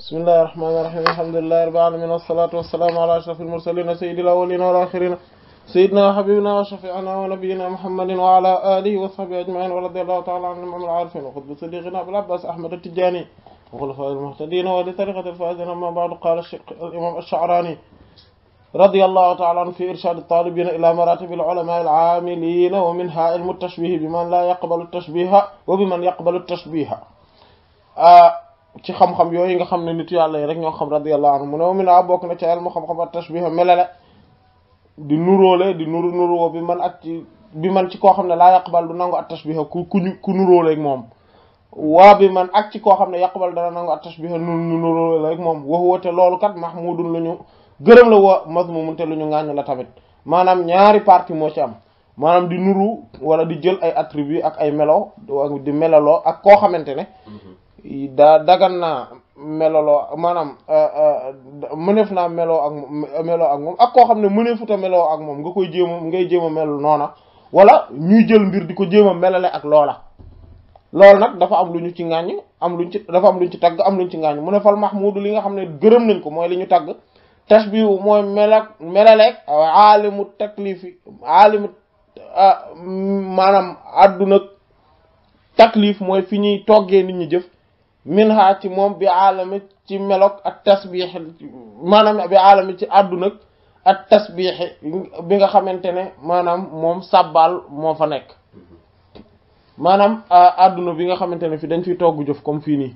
بسم الله الرحمن الرحيم الحمد لله رب العالمين والصلاة والسلام على أشرف المرسلين سيد الأولين والآخرين سيدنا وحبيبنا وشفيعنا ونبينا محمد وعلى آله وصحبه أجمعين ورضي الله تعالى عن المعلم العارفين وقطب صديقنا أبو العباس أحمد التجاني وخلفاء المهتدين ولطريقة الفائزين أما بعد قال الإمام الشعراني رضي الله تعالى في إرشاد الطالبين إلى مراتب العلماء العاملين ومنها المتشبيه بمن لا يقبل التشبيه وبمن يقبل التشبيه آه ci xam-xam yooyu nga xam ne nit yàlla yi rek ñoo xam radiyallahu anhu mu ne minaa bokk na ci ilmu xam-xam ak tashbiha melale di nuróole di nuru nuróo bi man ak ci bi man ci koo xam ne laa yaqbal du nangu at tashbiha ku kuñu ku nuróole ak moom waa bi man ak ci koo xam ne yaqbal dana nangu at tashbiha nu nuróole ak moom wax woote loolu kat mahmudun lu ñu gërëm la wa mazmumun te lu ñu ngaañu la tamit maanaam ñaari parti moo ci am maanaam di nuru wala di jël ay attribut ak ay melo di melaloo ak koo xamante ne mm-hmm. daa dagan naa meloloo maanaam euh, euh, mëneef naa meloo ak meloo ak moom ak koo xam ne mëneefuta meloo ak moom nga koy jéem a ngay jéem a mel noona wala ñuy jël mbir di ko jéem a melale ak loola loolu nag dafa am lu ñu ci ŋàññ am lu ci dafa am luñ ci tagg am luñ ci ŋàññ mu ne fal mahmudu li nga xam ne gërëm nañ ko mooy li ñu tagg tashbihu mooy melak melaleeg aalimu taklifi aalimu euh, maanaam àdduna taklif mooy fi ñuy toggee nit ñi jëf min ha ci moom bi aalami ci melok ak tasbiix maanaam bi aalami ci àdduna ak tasbiix bi nga xamante ne maanaam moom sàbbaal moo fa nekk maanaam àdduna bi nga xamante ne fi dañ fiy togg jëf comme fii nii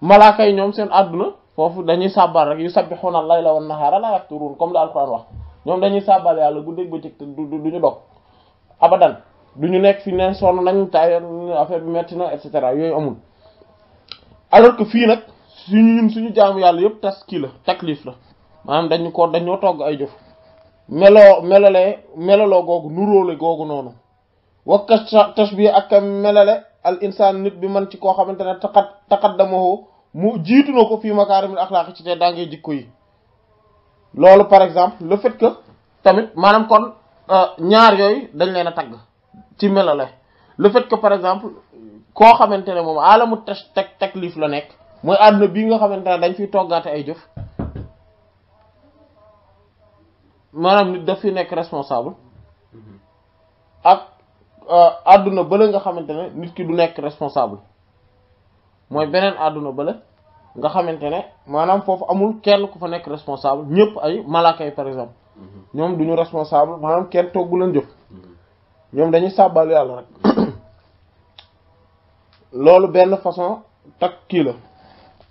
malaaka yi ñoom seen àdduna foofu dañuy sàbbaal rek yu sabbixuuna layla wan nahaara laa yafturuun comme la alxuraan wax ñoom dañuy sàbbaal yàlla guddeeg bëccëg te du duñu dog abadan ñu nekk fi ne sonn nañ tay affaire bi metti na et yooyu amul alors fii nag suñu ñun suñu jaamu yàlla yëpp tas kii la taklif la maanaam dañu ko dañoo togg ay jëf meloo melale melaloo googu nuróole googu noonu wakka bi ak melale al insaan nit bi man ci koo xamante ne taqat taqaddamahu mu jiitu na ko fii makaarimil axlaaq ci te daa ngay jikko yi loolu par exemple le fait que tamit maanaam kon euh, ñaar yooyu dañ leen a tagg ci melale le fait que par exemple ko xamantene mom alamu te teg taklif la nek moy aduna bi nga xamantene dañ fi toggaate ay jëf manam nit daf fi nek responsable mm-hmm. ak euh, ba la nga xamantene nit ki du nek responsable benen aduna ba la nga xamantene manam fofu amul kenn ku fa nek responsable ñepp ay malaaka Nyom par exemple mm-hmm. ñom duñu responsable manam kenn togu leen jëf mm-hmm. ñom dañuy sabbal yalla rek loolu benn façon takk kii la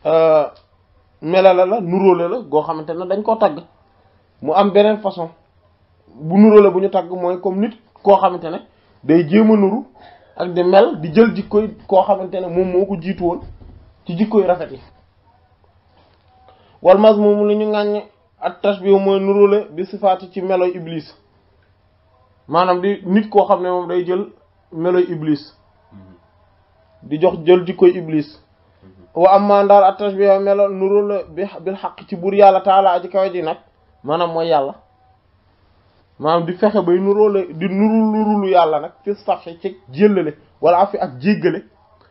euh, melala la nuróole la goo xamante ne dañ koo tagg mu am beneen façon bu nuróole bu ñu tagg mooy comme nit koo xamante ne day jéem nuru ak di mel di jël jikkoy koo xamante ne moom moo ko jiitu woon ci jikkoy rafet yi wal mazmum li ñu ngàññ ak tashbih mooy nuróole bi sifaati ci meloy iblis maanaam di nit koo xam ne moom day jël meloy iblis di jox jël jikkoy iblis mhm. wa amma ndaal at bi melo nuru la bil xaq ci buur yàlla taala aji kawe ji nag maanaam mooy yàlla maanaam di fexe bay nuroo la di nuru yàlla nag fi saxi ci jéllale wala afi ak jéggale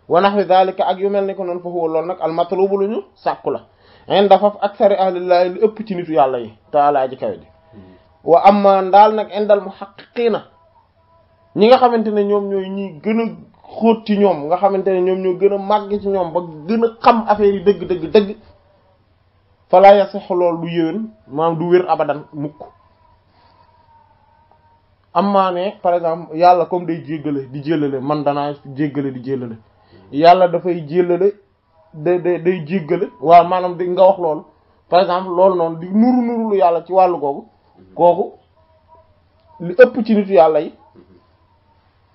wa nahwi zalika ak yu mel ni ko noonu foofu loolu nag al matlubu lu ñu sàkku la en dafa aksari ahlillahi li ëpp ci nitu yàlla yi taala aji kawe ji mhm. wa amma ndaal nag indal muhaqqiqiina ñi nga xamante ñoom ñooy ñi gën xóot ci ñoom nga xamante ne ñoom ñoo gën a màgg ci ñoom ba gën a xam affaire yi dëgg dëgg dëgg falaa yasex lool du yéwén maanaam du wér abadan mukk am maa ne par exemple yàlla comme day jéggale di jéllale man danaa jéggale di jéllale yàlla dafay jéllale day day day jéggale waa maanaam di nga wax loolu par exemple lool noonu di nuru nuru lu yàlla ci wàllu googu kooku li ëpp ci nitu yàlla yi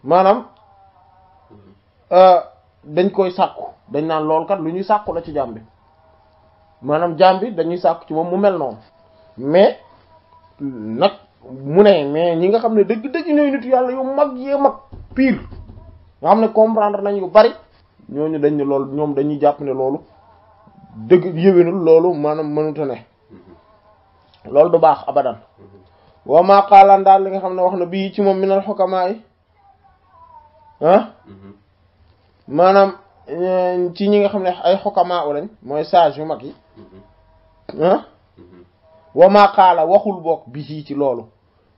maanaam Euh, dañ koy sàkku dañ naan lool kat lu ñuy sàkku la ci jaam bi maanaam jàmbi dañuy sàkku ci moom mu mel noonu mais nag mu ne mais ñi nga xam ne dëgg-dëgg ñooy nitu yàlla yu mag yee mag pire nga xam ne comprendre nañ yu bari ñooñu dañ ne loolu ñoom dañuy jàpp ne loolu dëgg yëwénul loolu maanaam mënuta ne loolu du baax abadan wa maa qaalaan daal li nga xam ne wax na bii ci moom mi xukamaa yi ah? mm-hmm. maanaam euh, ci ñi nga xam ne ay xokama lañ mooy sage yu mag yi mm-hmm. ah mm-hmm. wa maa waxul bokk bi ci loolu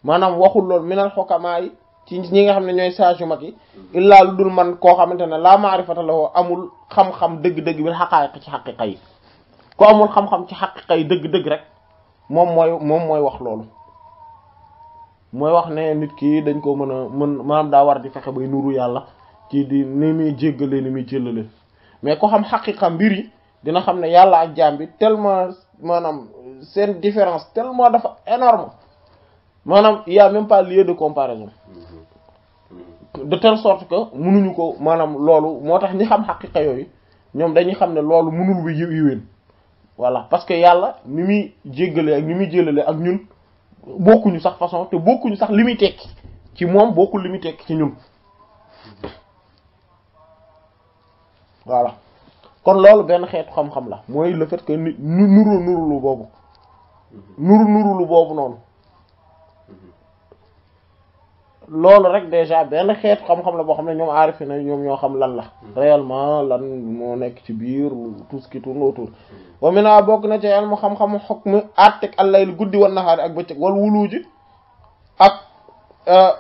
maanaam waxul loolu minal xokama yi ci ñi nga xam ne ñooy sage yu mag yi mm-hmm. illaa lu dul man koo xamante ne laa maarifata la amul xam-xam dëgg-dëgg bi xaqaayiq ci xaqiqa kay ku amul xam-xam ci xaqiqa yi dëgg-dëgg rek moom mooy moom mooy wax loolu mooy wax ne nit ki dañ ko mën a mën maanaam daa war di fexe bay nuru yàlla ki di ni muy jéggale djelale mais ko xam haqiqa mbiri dina xamne yalla yàlla ak jaam tellement manam sen différence tellement dafa énorme maanaam y a même pas lieu de comparaison mm-hmm. de telle sorte que munuñu ko manam lolu motax tax ñi xam haqiqa yoy ñom dañuy xamne lolu loolu wi bi voilà parce que yalla ni muy jéggale ak ni muy ak ñun bokkuñu sax façon te bokkuñu sax li muy ci mom bokku li muy ci ñun voilà kon loolu ben xeetu xam-xam la moy le fait que ni nuru lu bobu nuru nuru lu bobu non loolu rek déjà ben xeetu xam-xam la bo xamné ñom ñoom na ñom ño xam lan la réellement lan mo nekk ci biir tout ce qui tourne autour wa mi naa bokk na ci elmu xam-xam hukm al-layl guddi wan nahar ak becc wal wuluji ak euh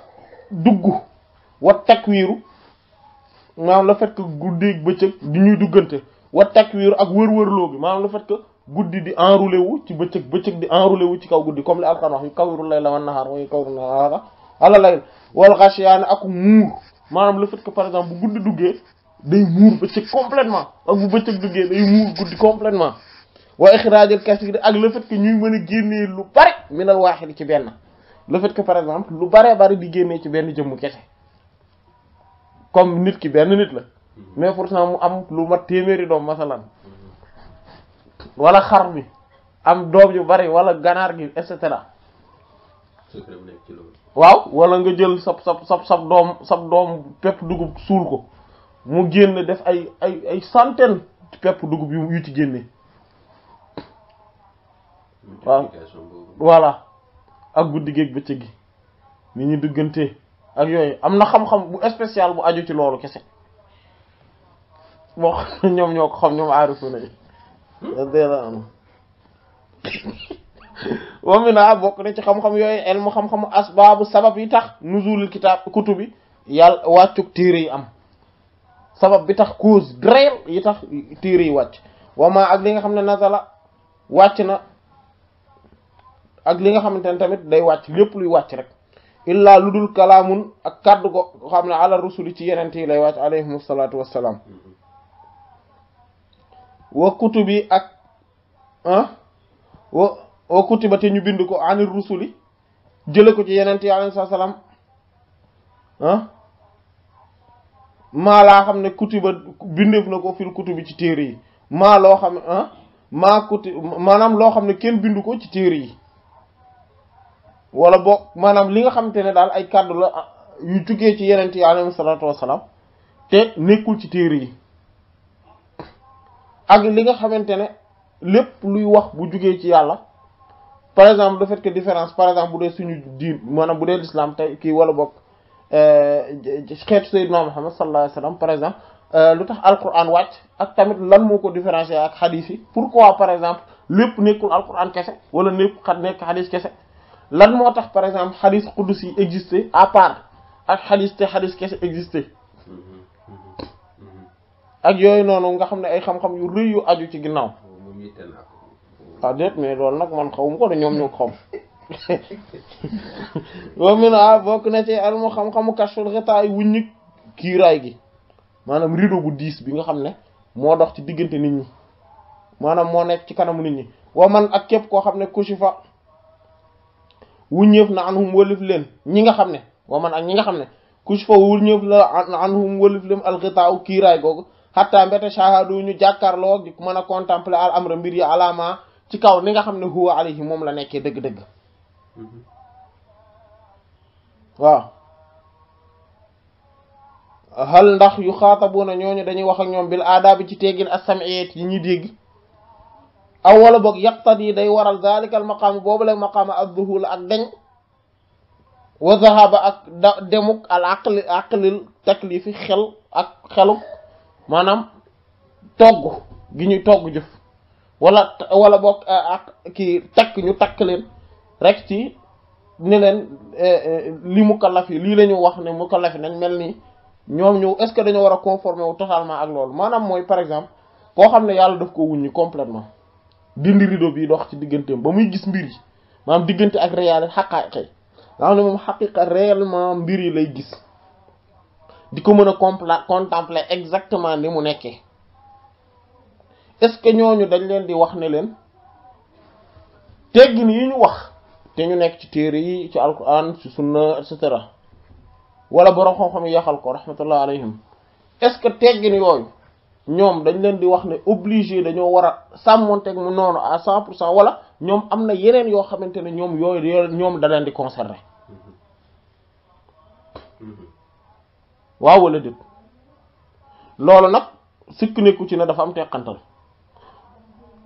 duggu wa takwiru maanaam le fait que guddeeg bëccëg di ñuy duggante wa takwiir ak wër-wërloo bi maanaam la fait que guddi di enroulé wu ci bëccëg bëccëg di enroulé wu ci kaw guddi comme li Alxuraan wax yu kawiru layla wan nahaar mooy kawiru nahaara ala layl wal ghashiyan ak muur maanaam le fait que par exemple bu guddi duggee day muur bëccëg complètement ak bu bëccëg duggee day muur guddi complètement wa ixraajal kasiir ak le fait que ñuy mën a génnee lu bare minal waahid ci benn le fait que par exemple lu bare bare di génnee ci benn jëmmu kese comme nit ki ben nit la hmm. mais pourtant mu am lu mat téeméeri doom masalan wala xar bi am doom yu bari wala ganar gi et cetera waaw wala nga jël sab sab sab sab dom, sab dom, pep dugub sul ko mu genn def ay ay ay centaine pep dugub yu yu ci genné waaw voilà ak guddi géeg bëccëg gi ni ak yooyu am na xam-xam bu spécial bu aju ci loolu kese boo xam ñoom ñoo xam ñoom aarifu na yi hmm? bokk na ci xam-xam yooyu elmu xam-xamu asbaabu sabab yi tax nuzulul kitaab kutubi yàlla wàccuk téere yi am sabab bi tax cause réel yi tax téere yi wàcc ma ak li nga xam ne nazala wàcc na ak li nga xamante ne tamit day wàcc lépp luy wàcc rek illaa lu dul kalaamun ak kàddu go xam ne ala rusuli ci yenente yi lay wàcc alayhim salaatu wassalaam wa kutubi ak ah, wa wa te ñu bind ko anil rusuli jële ko ci yenente yi alayhim salaam ah, maa laa xam ne kutiba bindeef na ko fil kutubi ci téere yi maa loo xam ne ah, maa kuti maanaam loo xam ne kenn bindu ko ci téere yi wala boog manaam li nga xamante ne daal ay kàddu la ah, yu jugee ci yeneen yi alayhi salaatu wassalaam te nekkul ci téere yi ak li nga xamante ne lépp luy wax bu jugee ci yàlla par exemple le fait que différence par exemple bu dee suñu diin maanaam bu dee l'islam tey kii wala boog euh, xeetu sayyidina Muhammad sallallahu alayhi wasallam par exemple euh, lu tax alquran wàcc ak tamit lan moo ko différencier ak xadiis yi pour pourquoi par exemple lépp nekkul alquran kese wala nekk xat nekk xadiis kese lan moo tax par exemple xadis qudus yi existé à part ak xadis te xadis kese existé ak yooyu noonu nga xam ne ay xam-xam yu rëy yu aju ci ginnaaw ah déet mais loolu nag man xawma ko da ñoom ñu xam wa min a bokk na ci al mu xam-xamu kashful ghitaay wuññi kiiraay gi maanaam rideau bu diis bi nga xam ne moo dox ci diggante nit ñi maanaam moo nekk ci kanamu nit ñi wa ak képp koo xam kushifa wuññëef na anhum wëlif leen ñi nga xam ne wa man ak ñi nga xam ne ku fa wuññëef la anhum wëlif leen alxitaaw kiiraay googu xattaa mbéta shahadu ñu jàkkaarloo mën a contempler al amra mbir yi alaama ci kaw li nga xam ne huwa alayhi moom la nekkee dëgg-dëgg waaw hal ndax yu xaatabuuna ñooñu dañuy wax ñoom bil aadaabi ci teggin as-sam'iyat yi ñuy dégg aw wala boog yaqtadi day waral daalika al maqaama boobu la maqaama adduhul ak deñ wa zahaba ak demuk al aql aqlil taklif xel ak xeluk manam togg gi ñuy togg jëf wala wala bok ak ki tak ñu tak leen rek ci ne leen li mu yi li lañu wax ne mu yi nañ melni ñom nu ñu est-ce que dañu wara conformer totalement ak lool manam moy par exemple ko xamne yàlla daf ko wuññi complètement dindi rideau bi dox ci digganteem ba muy gis mbir yi maanaam diggante ak réel xaqaayiq yi nga xam ne moom xaqiqa réellement mbir yi lay gis di ko mën a compla contempler exactement ni mu nekkee est-ce que ñooñu dañ leen di wax ne leen teggin yi ñu wax te ñu nekk ci téere yi ci alquran ci sunna et cetera wala borom xam-xam yi yaxal ko rahmatullah alayhim est-ce que teggin yooyu. ñoom dañ leen di wax ne obligé dañoo war a sàmmonteeg mu noonu à cent pour cent wala ñoom am na yeneen yoo xamante ne ñoom yooyu ñoom da leen di concerné waaw wala déet loolu nag sikk nekku ci ne dafa am teqantal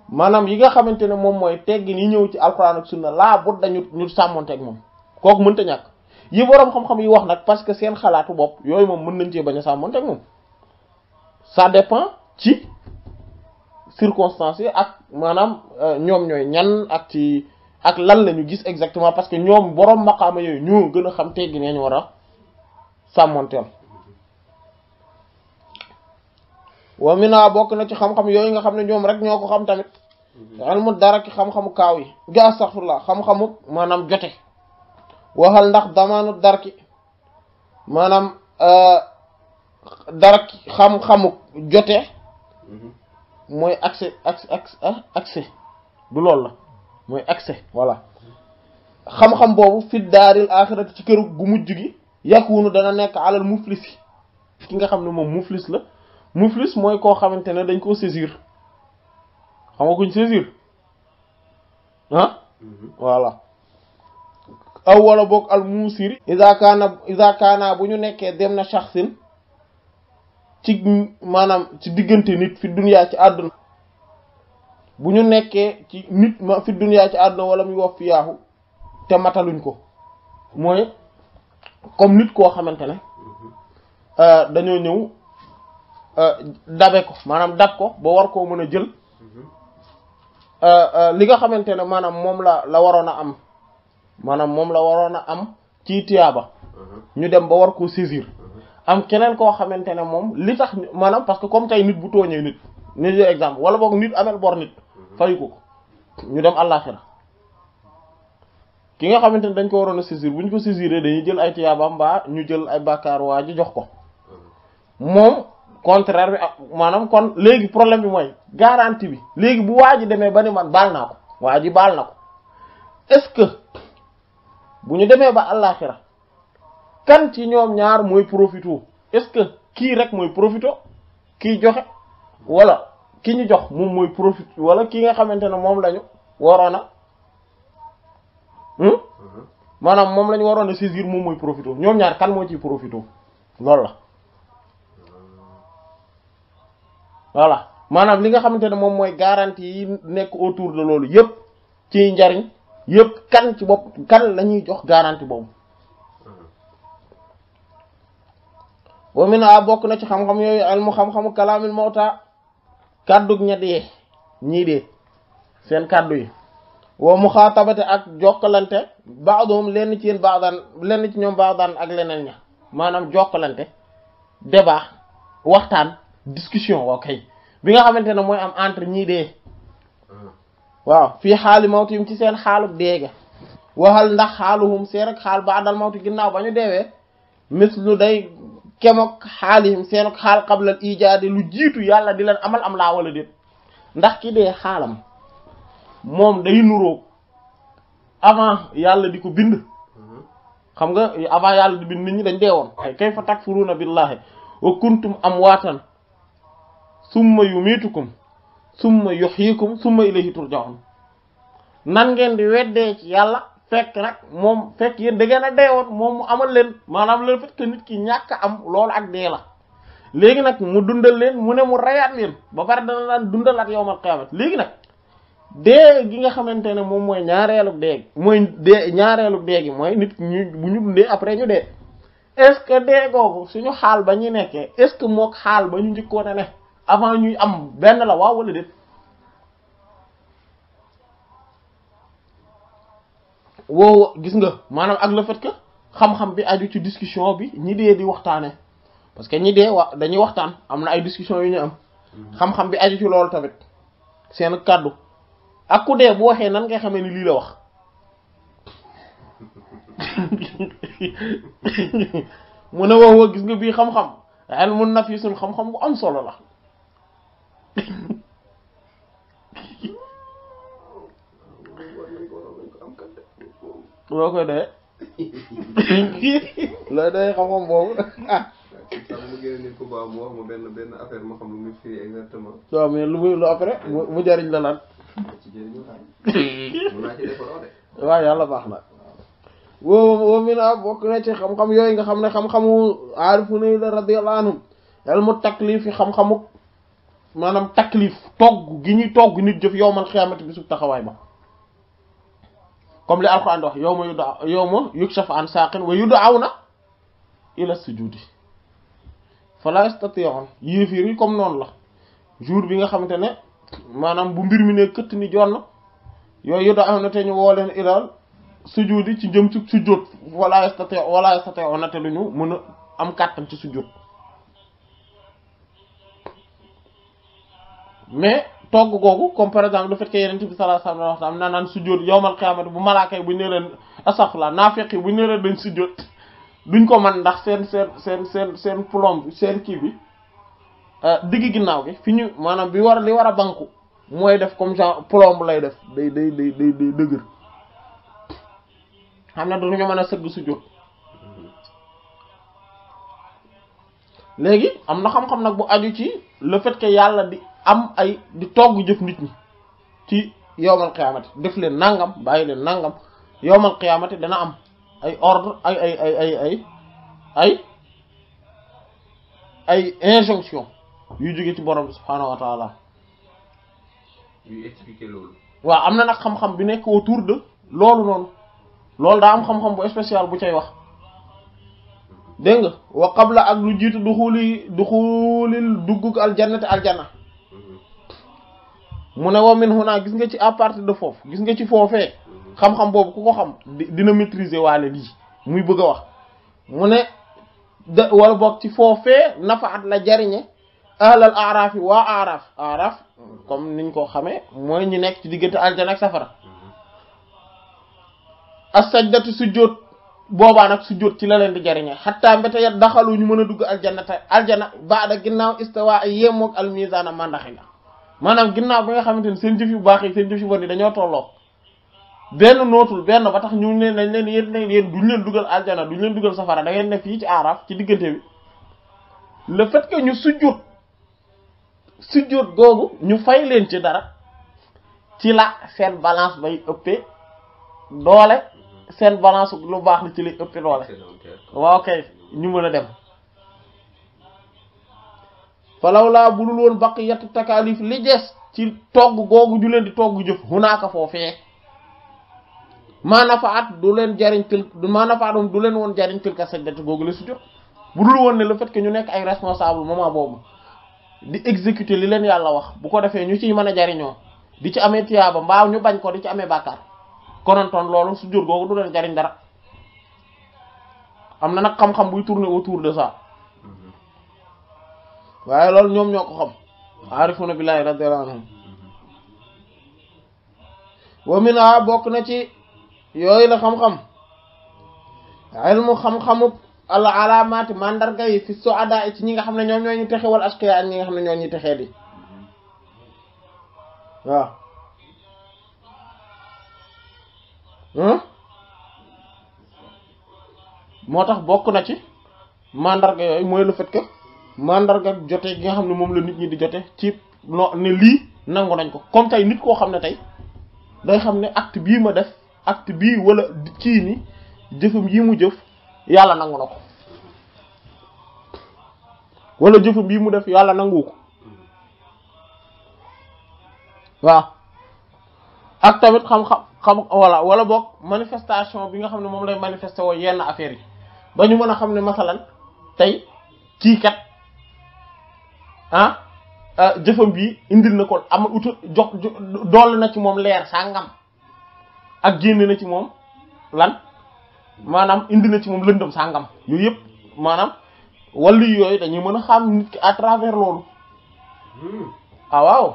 maanaam yi nga xamante ne moom mooy teggin yi ñëw ci alxuraan ak sunna laa but dañu ñu sàmmonteeg moom kooku mënta ñàkk yi boroom xam-xam yi wax nag parce que seen xalaatu bopp yooyu moom mën nañ cee bañ a sàmmonteeg moom ça dépend ci circonstances yi ak maanaam euh, ñoom ñooy ñan ak ci ak lan la gis exactement parce que ñoom boroom maqaama yooyu ñoo gën a xam teggi nee ñu war a sàmmonteel wa mi naa bokk na ci xam-xam yooyu nga xam ne ñoom rek ñoo ko xam tamit xel mm-hmm. mu dara ki xam-xamu kaaw yi ga astaghfirullah xam-xamu maanaam jote waxal ndax damaanu darki maanaam euh, dara xam-xamu jote moy accès accès accès du lol la moy accès voilà xam-xam bobu fi daril akhirati ci këru gu mujju gi yakunu dana nek alal muflis ki nga xamne mom muflis la muflis moy ko xamantene dañ ko saisir xam nga kuñ saisir han voilà aw wala al musir iza kana iza kana buñu nekke demna shakhsin ci maanaam ci diggante nit fi duniyaa ci àdduna bu ñu nekkee ci nit ma fi duniyaa ci àdduna wala muy wax fi yaaxu te mataluñ ko mooy comme nit koo xamante ne euh, dañoo ñëw euh, dabe ko maanaam dab ko ba war koo mën a jël euh, li nga xamante ne maanaam moom la la waroon a am maanaam moom la waroon a am ci tiyaaba uh-huh. ñu dem ba war koo saisir am keneen koo xamante ne moom li tax maanaam parce que comme tey nit bu tooñee nit nit yo exemple wala boog nit amel bor nit mhm. fayu ko ñu dem àllaaxira ki nga xamante ne dañ ko waroon a bu ñu ko saisiree dañuy jël ay tiyaaba mbaa ñu jël ay bàkkaar waa ji jox ko mhm. moom contraire bi ak maanaam kon léegi problème bi mooy garantie bi léegi bu waa ji demee ba ni man baal naa ko waa ji baal na ko est-ce bu ñu demee ba àllaaxira kan ci ñoom ñaar mooy profito est-ce que kii rek mooy profito kii joxe wala kii ñu jox moom mooy profit wala kii nga xamante ne moom lañu waroon a hmm? mm-hmm. maanaam moom lañu waroon a saisir moom mooy profito ñoom ñaar kan moo ciy profito loolu la mm-hmm. voilà maanaam li nga xamante ne moom mooy garanti yi nekk autour de loolu yépp ci njariñ yépp kan ci bopp kan lañuy jox garantie boobu wa min a bokk na ci xam-xam yooyu ilmu xam-xamu kalaamil mawta kàddug ñett yi ñii de seen kàddu yi wa muxaatabate ak jokkalante baadoom lenn ci yéen lenn ci ñoom baadaan ak leneen ña maanaam jokkalante débat waxtaan discussion waa kay bi nga xamante ne mooy am entre ñii de waaw fii xaali mawtihim ci seen xaalub deega waxal ndax xaaluhum see rek xaal baadal mawti ginnaaw ba ñu deewee mislu day kemook xaalihim seenok xaal xablal ijaade lu jiitu yàlla di leen amal am laa wala déet ndax ki dee xaalam moom day nuroo avant yàlla di ko bind xam nga avant yàlla di bind nit ñi dañ dee woon kayfa takfuruuna billahi wa kuntum amwaatan summa yumitukum summa yuhyikum summa ilayhi turja'un nan ngeen di weddee ci yàlla fekk nag moom fekk yéen da ngeen a deewoon moom mu amal leen maanaam le fait que nit ki ñàkk am loolu ak dee la léegi nag mu dundal leen mu ne mu rayaat leen ba pare dana daan dundal ak yawmal qiyaamat léegi nag dee gi nga xamante ne moom mooy ñaareelu dee mooy dee ñaareelu dee gi mooy nit ñu bu ñu dundee après ñu dee est-ce que dee googu suñu xaal ba ñu nekkee est-ce que mook xaal ba ñu njëkkoon a ne avant ñuy am benn la waaw wala déet woow gis nga maanaam ak la fait que xam-xam bi aju ci discussion bi ñi dee di waxtaanee parce que ñi dee wax dañuy waxtaan am na ay discussion yu ñu am mm-hmm. xam-xam bi aju ci loolu tamit seen kàddu ak ku dee bu waxee nan ngay xamee ni lii la wax mu ne wax gis nga bii xam-xam xel mun na fi suñ xam-xam bu am solo la loo koy doyee looy doyee xam-xam boobu. benn benn affaire waaw mais lu muy lu après mu jariñ la lan. waaw yàlla baax na. woo woo mi naa bokk na ci xam-xam yooyu nga xam ne xam-xamu aarifu ne la radiyallahu yàlla mu taklif yi xam-xamu maanaam taklif togg gi ñuy togg nit jëf yowmal xiyaamati bi su taxawaay ba comme li alquran wax yow ma yuda yow ma yukshaf an saaqin wa yud'awna ila sujudi fala yastati'un yéeféer yi comme noonu la jour bi nga xamante ne maanaam bu mbir mi ne këtt ni jonn yooyu yud'awna te ñu woo leen ilal sujudi ci jëm ci sujjóot wala yastati wala yastati'un te duñu mën a am kàttan ci sujjóot mais togg googu comme par exemple le fait que yenenbi bi sallallahu alayhi wa sallam na nan sujud yawmal qiyamah bu malaaka bu ñu leen nafiqi bu ñu leen dañ sujjóot duñ ko man ndax sen sen sen sen sen plomb sen ki bi euh digg ginaaw gi fiñu manam bi war li wara banku moy def comme genre plomb lay def day day day day day xamna duñu mën seug sujud sujjóot amna xam-xam nak bu aju ci le fait que yalla di. am ay di togg jëf nit ñi ci yowmal qiyaamati def leen nangam bàyyi leen nangam yowmal qiyaamati dana am ay ordre ay ay ay injonction yu jóge ci borom bi subhaanahu wa am na nag xam-xam bi nekk autour de loolu noonu loolu daa am xam-xam bu spécial bu cay wax dégg nga wa qabla ak lu jiitu duxuli duxulil duggug aljannati aljanna mu ne wa min huna gis nga ci à partir de foofu gis nga ci foofee xam-xam boobu ku ko xam dina maîtriser waale lii muy bëgg a wax mu ne da wala boog ci foofee nafaat la jariñe ahlal aaraaf waa aaraaf aaraaf comme niñ ko xamee mooy ñu nekk ci diggante aljana ak safara as-sajdatu sujjóot boobaa nag sujjóot ci la leen di jariñe xataa mbete ya daxalu ñu mën a dugg aljana te aljana baada ginnaaw istawa ay yéemoog almisaana màndaxi la maanaam ginnaaw ba nga xamante ne seen jëf yu baax yi seen jëf yu bon yi dañoo tolloo benn nootul benn ba tax ñu ne nañ leen yéen ne yéen duñ leen dugal aljana duñ leen dugal safara da ngeen ne fii ci aaraaf ci diggante bi le fait ñu sujjóot sujjóot googu ñu fay leen ci dara ci la seen balance bay ëppee doole seen balance lu baax li ci lay ëppee doole waaw kay ñu mën a dem falawlaa bu dul woon baqiyatu takaalif li des ci togg googu ju leen di togg jëf hunaaka foofee maa nafaat du leen jariñ til maa nafaatoom du leen woon jariñ tilka sajdati googu la sujjóot bu dul woon ne le fait ke ñu nekk ay responsable moment boobu di exécuter li leen yàlla wax bu ko defee ñu ci mën a jariñoo di ci amee tiyaaba mbaaw ñu bañ ko di ci amee bàkkaar konontoon loolu sujjóot googu du leen jariñ dara am na nag xam-xam buy tourner autour de ça waaye loolu ñoom ñoo ko xam aarifuna billaahi radiyallahu anhum wa minha bokk na ci yooyu la xam-xam ilmu xam-xamub al alaamaati mandarga yi ci ñi nga xam ne ñoom ñoo ñu texe wal asqiya ñi nga xam ne ñoo ñu texee di hmm? moo tax bokk na ci mandarga yooyu mooy la fait que mandarga jote gi nga xam ne moom la nit ñi di jote ci no ne lii nangu nañ ko comme tey nit koo xam ne tey day xam ne acte bii ma def acte bii wala kii ni jëfam yi mu jëf yàlla nangu na ko wala jëfam yi mu def yàlla nangu ko waaw ak tamit xam-xam xam wala wala boog manifestation bi nga xam ne moom lay manifester woo yenn affaire yi ba mën a xam ne masalan tey kii kat Ah, ah jëfam bi indil na ko am utu jox doll na ci moom leer sàngam ak génn na ci moom lan maanaam indi na ci moom lëndëm sàngam yooyu yëpp maanaam walli yooyu dañuy mën a xam nit ki à travers loolu ah waaw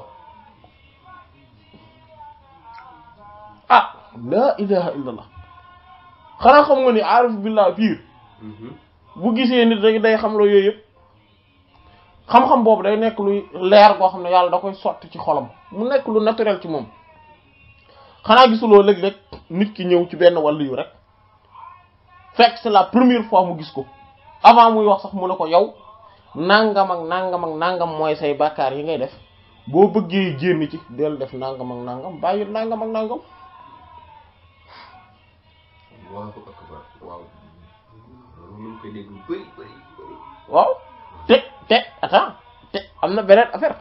ah la xanaa xam nga ni aarif billah piir mhm. bu gisee nit rek day xam loo yooyu yëpp xam-xam boobu day nekk luy leer goo xam ne yàlla da koy sotti ci xolam mu nekk lu naturel ci moom xanaa gisuloo léeg-léeg nit ki ñëw ci benn wàll yu rek fekk c'est la première fois mu gis ko avant muy wax sax mu ne ko yow nangam ak nangam ak nangam mooy say bàkkaar yi ngay def boo bëggee génn ci del def nangam ak nangam bàyyi nangam ak nangam. waaw te te attends te amna benen affaire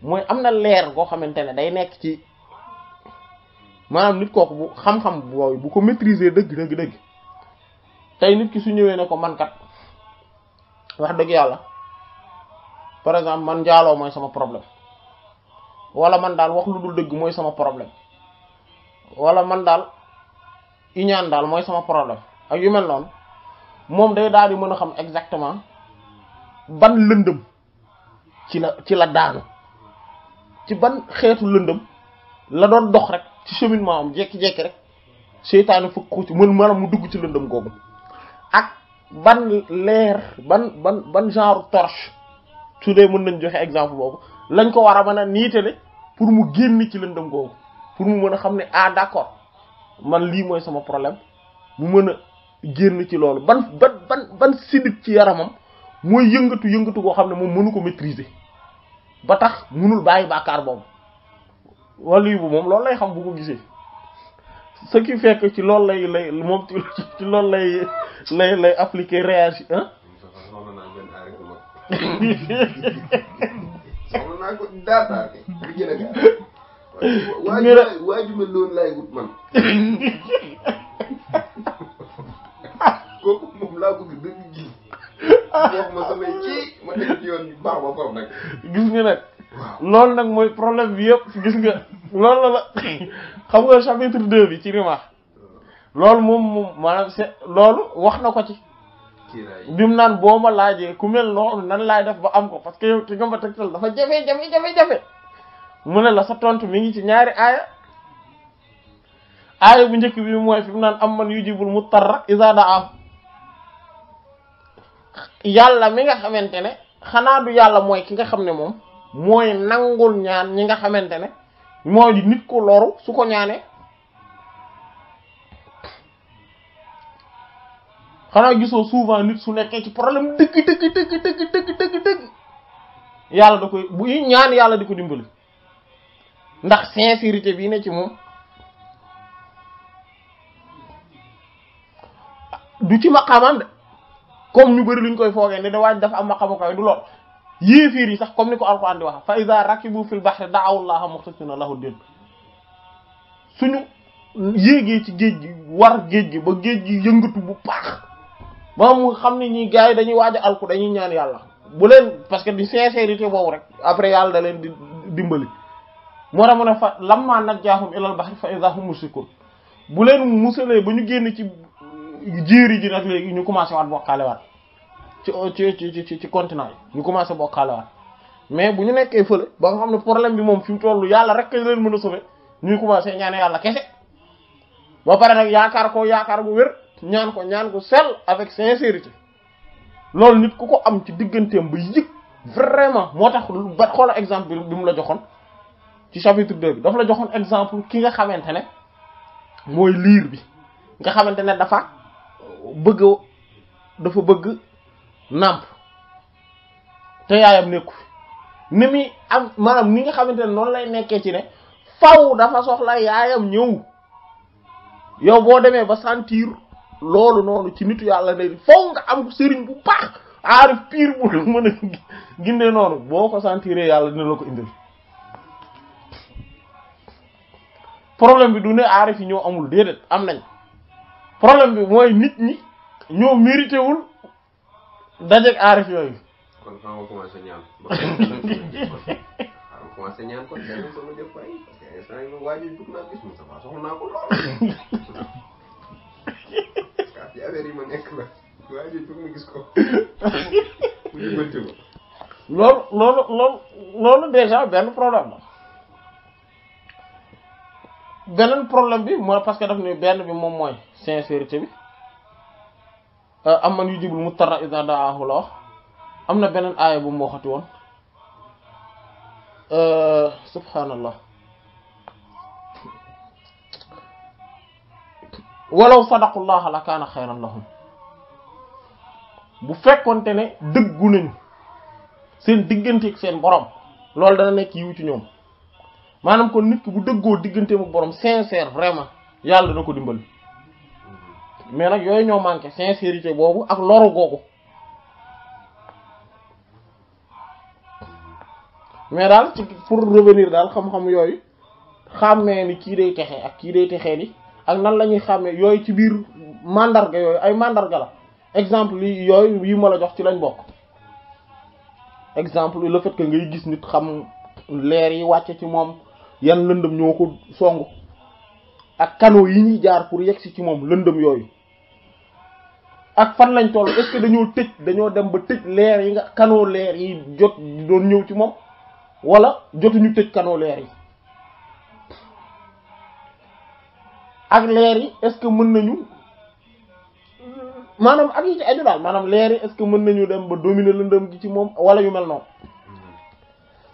moy amna leer go xamantene day nek ci manam nit koku bu xam-xam boobu bu ko maîtriser deug deug deug tay nit ki su ñewé ne ko man kat wax deug yalla par exemple man moy sama problème wala man dal wax lu dul dëgg sama problème wala man dal iñaan dal moy sama problème ak yu mel non mom day daal di mëna xam exactement. ban lëndëm ci la ci la daanu ci ban xeetu lëndëm la doon dox rek ci cheminement am jekki-jekki rek seytaane fukk ko ci mën maanaam mu dugg ci lëndëm googu ak ban leer ban ban ban genre torche su dee mën nañ joxe exemple boobu lañ ko war a mën a niitale pour mu génn ci lëndëm googu pour mu mën a xam ne ah d'accord man lii mooy sama problème mu mën a génn ci loolu ban ban ban ban sidit ci yaramam mooy yëngatu yëngatu goo xam ne moom mënu ko maîtriser ba tax mënul bàyyi bàkkaar boobu wàllu bu moom loolu lay xam bu ko gisee ce qui fait ci loolu lay lay moom ci loolu lay appliquer réagir ah. soxla jox ma samay kii ma gis nga nag. loolu nag mooy problème bi yëpp gis nga loolu la la xam nga chapitre deux bi ci rimaax loolu moom moom loolu wax na ko ci. bi mu naan boo ma laajee ku mel noonu nan laay def ba am ko parce que yow nga ma tegtal dafa jafe jafe jafe jafe mu ne la sa tontu mi ngi ci ñaari aaya aaya bu njëkk bi mooy fi naan am man yujibul mutarra iza da'ah yàlla mi nga xamante ne xanaa du yàlla mooy ki nga xam ne moom mooy nangul ñaan ñi nga xamante ne moo di nit ko loru su ko ñaanee xanaa gisoo souvent nit su nekkee ci problème dëgg dëgg dëgg dëgg dëgg dëgg yàlla da koy bu ñaan yàlla di ko dimbali ndax sincérité bii ne ci moom du ci maqaamam de comme ñu bari luñ koy foggé né da waaj dafa am xamu kawe du lool yéfir yi sax comme niko ko di wax fa iza rakibu fil bahri da'u allaha mukhtasina lahu din suñu yéegee ci géej gi war géej gi ba géej gi yëngatu bu baax ba mu xamni ñi gaay dañuy waaj a alku dañuy ñaan yalla bu len parce que du sincérité bobu rek après yalla da len di dimbali mo ramone fa lamma ila ilal bahri fa iza hum mushrikun bu len musale ba ñu génn ci jéeri ji nag léegi ñu commencé waat bokkaale waat ci ci ci ci continent yi ñu commencé bokkaale waat mais bu ñu nekkee fële ba nga xam ne problème bi moom fi mu toll yàlla rek leen mën a sauver ñuy commencé ñaane yàlla kese ba pare nag yaakaar ko yaakaar gu wér ñaan ko ñaan ko sell avec sincérité loolu nit ku ko am ci digganteem ba yëg vraiment moo tax ba xoola exemple bi mu la joxoon ci chapitre 2 bi dafa la joxoon exemple ki nga xamante ne mooy liir bi bëgg dafa bëgg nàmp te yaayam nekku ni muy am maanaam ni nga xamante ne noonu lay nekkee ci ne faw dafa soxla yaayam ñëw yow boo demee ba sentir loolu noonu ci nitu yàlla ne faw nga am sëriñ bu baax aarif piir bu mën a gindee noonu boo ko sentiree yàlla dina la ko indil problème bi du ne aarif yi ñoo amul déedéet am nañ problème bi moy nit ni ñoo mérité wul dajeeg aarif yooyu. kon fan nga commencé ñaan ba commencé ñaan kon dana sama jëf ay instant yi ma waajee dugg naa gis Moustapha soxla naa ko lool. parce que affaire yi ma nekk la waajee dugg na gis ko mu yëngati ma. loolu déjà benn problème la. beneen problème bi moo parce que daf ni benn bi moom mooy sérité bi euh, am man yu jibul mu tara iza daahu wax am na beneen aaya bu mu waxati woon euh, subhaanallah walaw sadaqullaha la kaana xayran lahum bu fekkonte ne dëggu nañu seen digganteeg seen borom loolu dana nekk yiw ci ñoom maanaam ko nit ki bu dëggoo diggante mu borom sincère vraiment yàlla na ko dimbali mais nag yooyu ñoo manqué sincérité boobu ak loru googu mais daal ci pour revenir daal xam-xam yooyu xàmmee ni kii day texe ak kii day texee ni ak nan la ñuy xàmmee yooyu ci biir màndarga yooyu ay màndarga la exemple yi yooyu yi ma la jox ci lañ bokk exemple le fait que ngay gis nit xam leer yi wàcce ci moom yan lëndëm ñoo ko song ak canaux yi ñuy jaar pour yegg si ci moom lëndëm yooyu ak fan lañ toll est que dañoo tëj dañoo dem ba tëj leer yi nga canaux leer yi jot doon ñëw ci moom wala jotuñu tëj canaux leer yi ak leer yi est-ce que mën nañu maanaam ak yi ci aju daal maanaam leer yi est que mën nañu dem ba dominer lëndëm gi ci moom wala yu mel noonu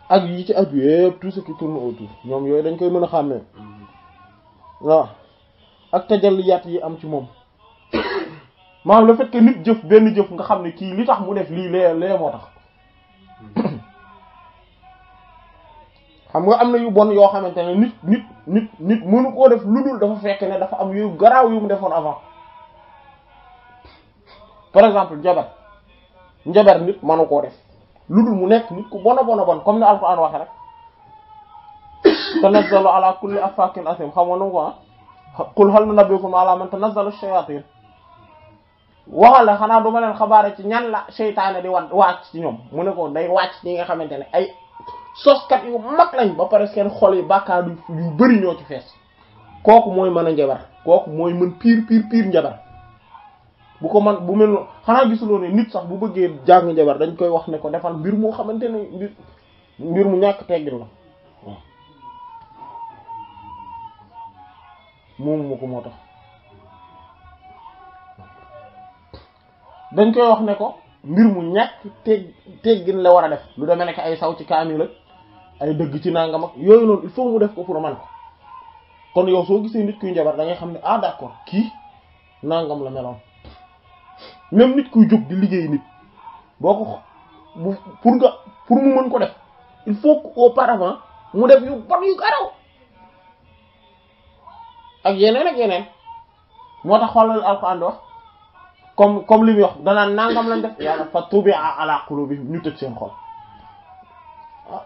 ak yi ci aju yëpp tout ce qui tourne autour ñoom yooyu dañ koy mën a xàmmee waaw ak tajalliyaat yi am ci moom maanaam la fait nit jëf benn jëf nga xam ne kii li tax mu def lii lee lee moo tax xam nga am na yu bon yoo xamante ne nit nit nit nit mënu koo def lu dul dafa fekk ne dafa am yu garaaw yu mu defoon avant par exemple njabar njabar nit mënu koo def lu dul mu nekk nit ku bon a bon a bon comme ni alxuraan waxe rek tanazzalu ala kulli affakin asim xam nga nu ko qul hal nunabbi'ukum ala man tanazzalu shayatin waxal la xanaa duma leen xabaare ci ñan la seytaane di wan wàcc ci ñoom mu ne ko day wàcc ñi nga xamante ne ay soskat yu mag lañ ba pare seen xol yi bàkkaar yu bëri ñoo ci fees kooku mooy mën a njabar kooku mooy mën piir piir piir njabar bu ko man bu mel noonu xanaa gisuloo nit sax bu bëggee jàng njabar dañ koy wax ne ko defal mbir moo xamante ne mbir mu ñàkk teggin la waaw moomu ma ko moo tax dañ koy wax ne ko mbir mu ñàkk teg teggin la war a def lu demee nekk ay saw ci kaamil ak ay dëgg ci nangam ak yooyu noonu il faut mu def ko pour man ko kon yow soo gisee nit kuy njabar dangay xam ne ah accord kii nangam la meloon même nit kuy jog di liggéey nit boko pour nga pour mu mën ko def il faut que auparavant mu def yu bon yu garaw ak yeneen ak yeneen moo tax xoolal alxuraan wax comme comme li muy wax danaan nangam lañ def yàlla fa tubi'a ala qulubihim ñu tëj seen xol waaw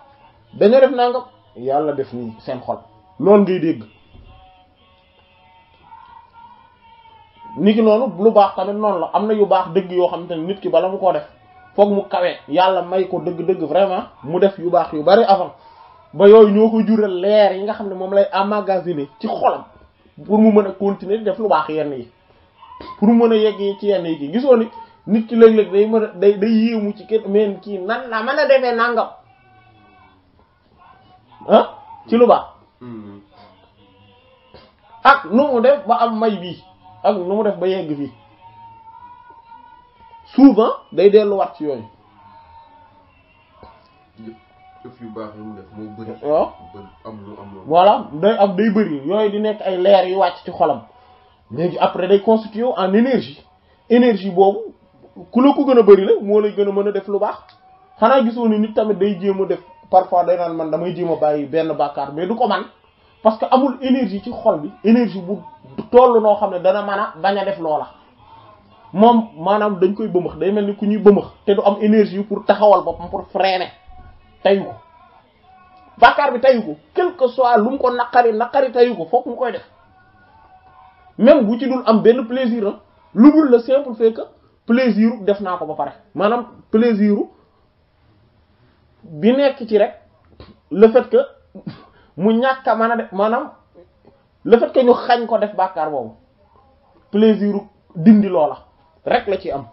dañoo def nangam yalla def ni seen xol loolu ngay dégg nit ki noonu lu baax tamit noonu la am na yu baax dëgg yoo xamante ne nit ki bala mu koo def foog mu kawee yàlla may ko dëgg-dëgg vraiment mu def yu baax yu bari avant ba yooyu ñoo ko jural leer yi nga xam ne moom lay emmagasiner ci xolam pour mu mën a continuer def lu baax yenn yi pour mu mën a yegg ci yenn yi kii gisoo ni nit ki léeg-léeg day mën a day day yéemu ci kenn meen kii nan la mën a defee nangam ah ci lu baax hmm. ak nu mu def ba am may bii ak nu def ba souvent day wat ci yoy yu def am lu am voilà day am day beuri yoy di nek ay lere yu ci xolam après day en énergie énergie bobu la ko gëna beuri la mo lay gëna mëna def lu parfois day mais parce que amul énergie ci xol bi énergie bu tollu no xam dana mën a bañ def lola mom manam dañ koy bëmëx day melni ni ku ñuy bëmëx te du am énergie pour taxawal boppam pour freiner tayu bakar bi tayu ko quel que soit lu mu ko nakari naqari tayu ko fokk mu koy def même bu ci dul am benn plaisir lu dul le simple fait que plaisir def nako ba pare manam plaisir bi nekk ci rek le fait que mu ñàkk a mën a def maanaam le ñu xañ ko def bàkkaar boobu plaisir dindi loola rek la ci am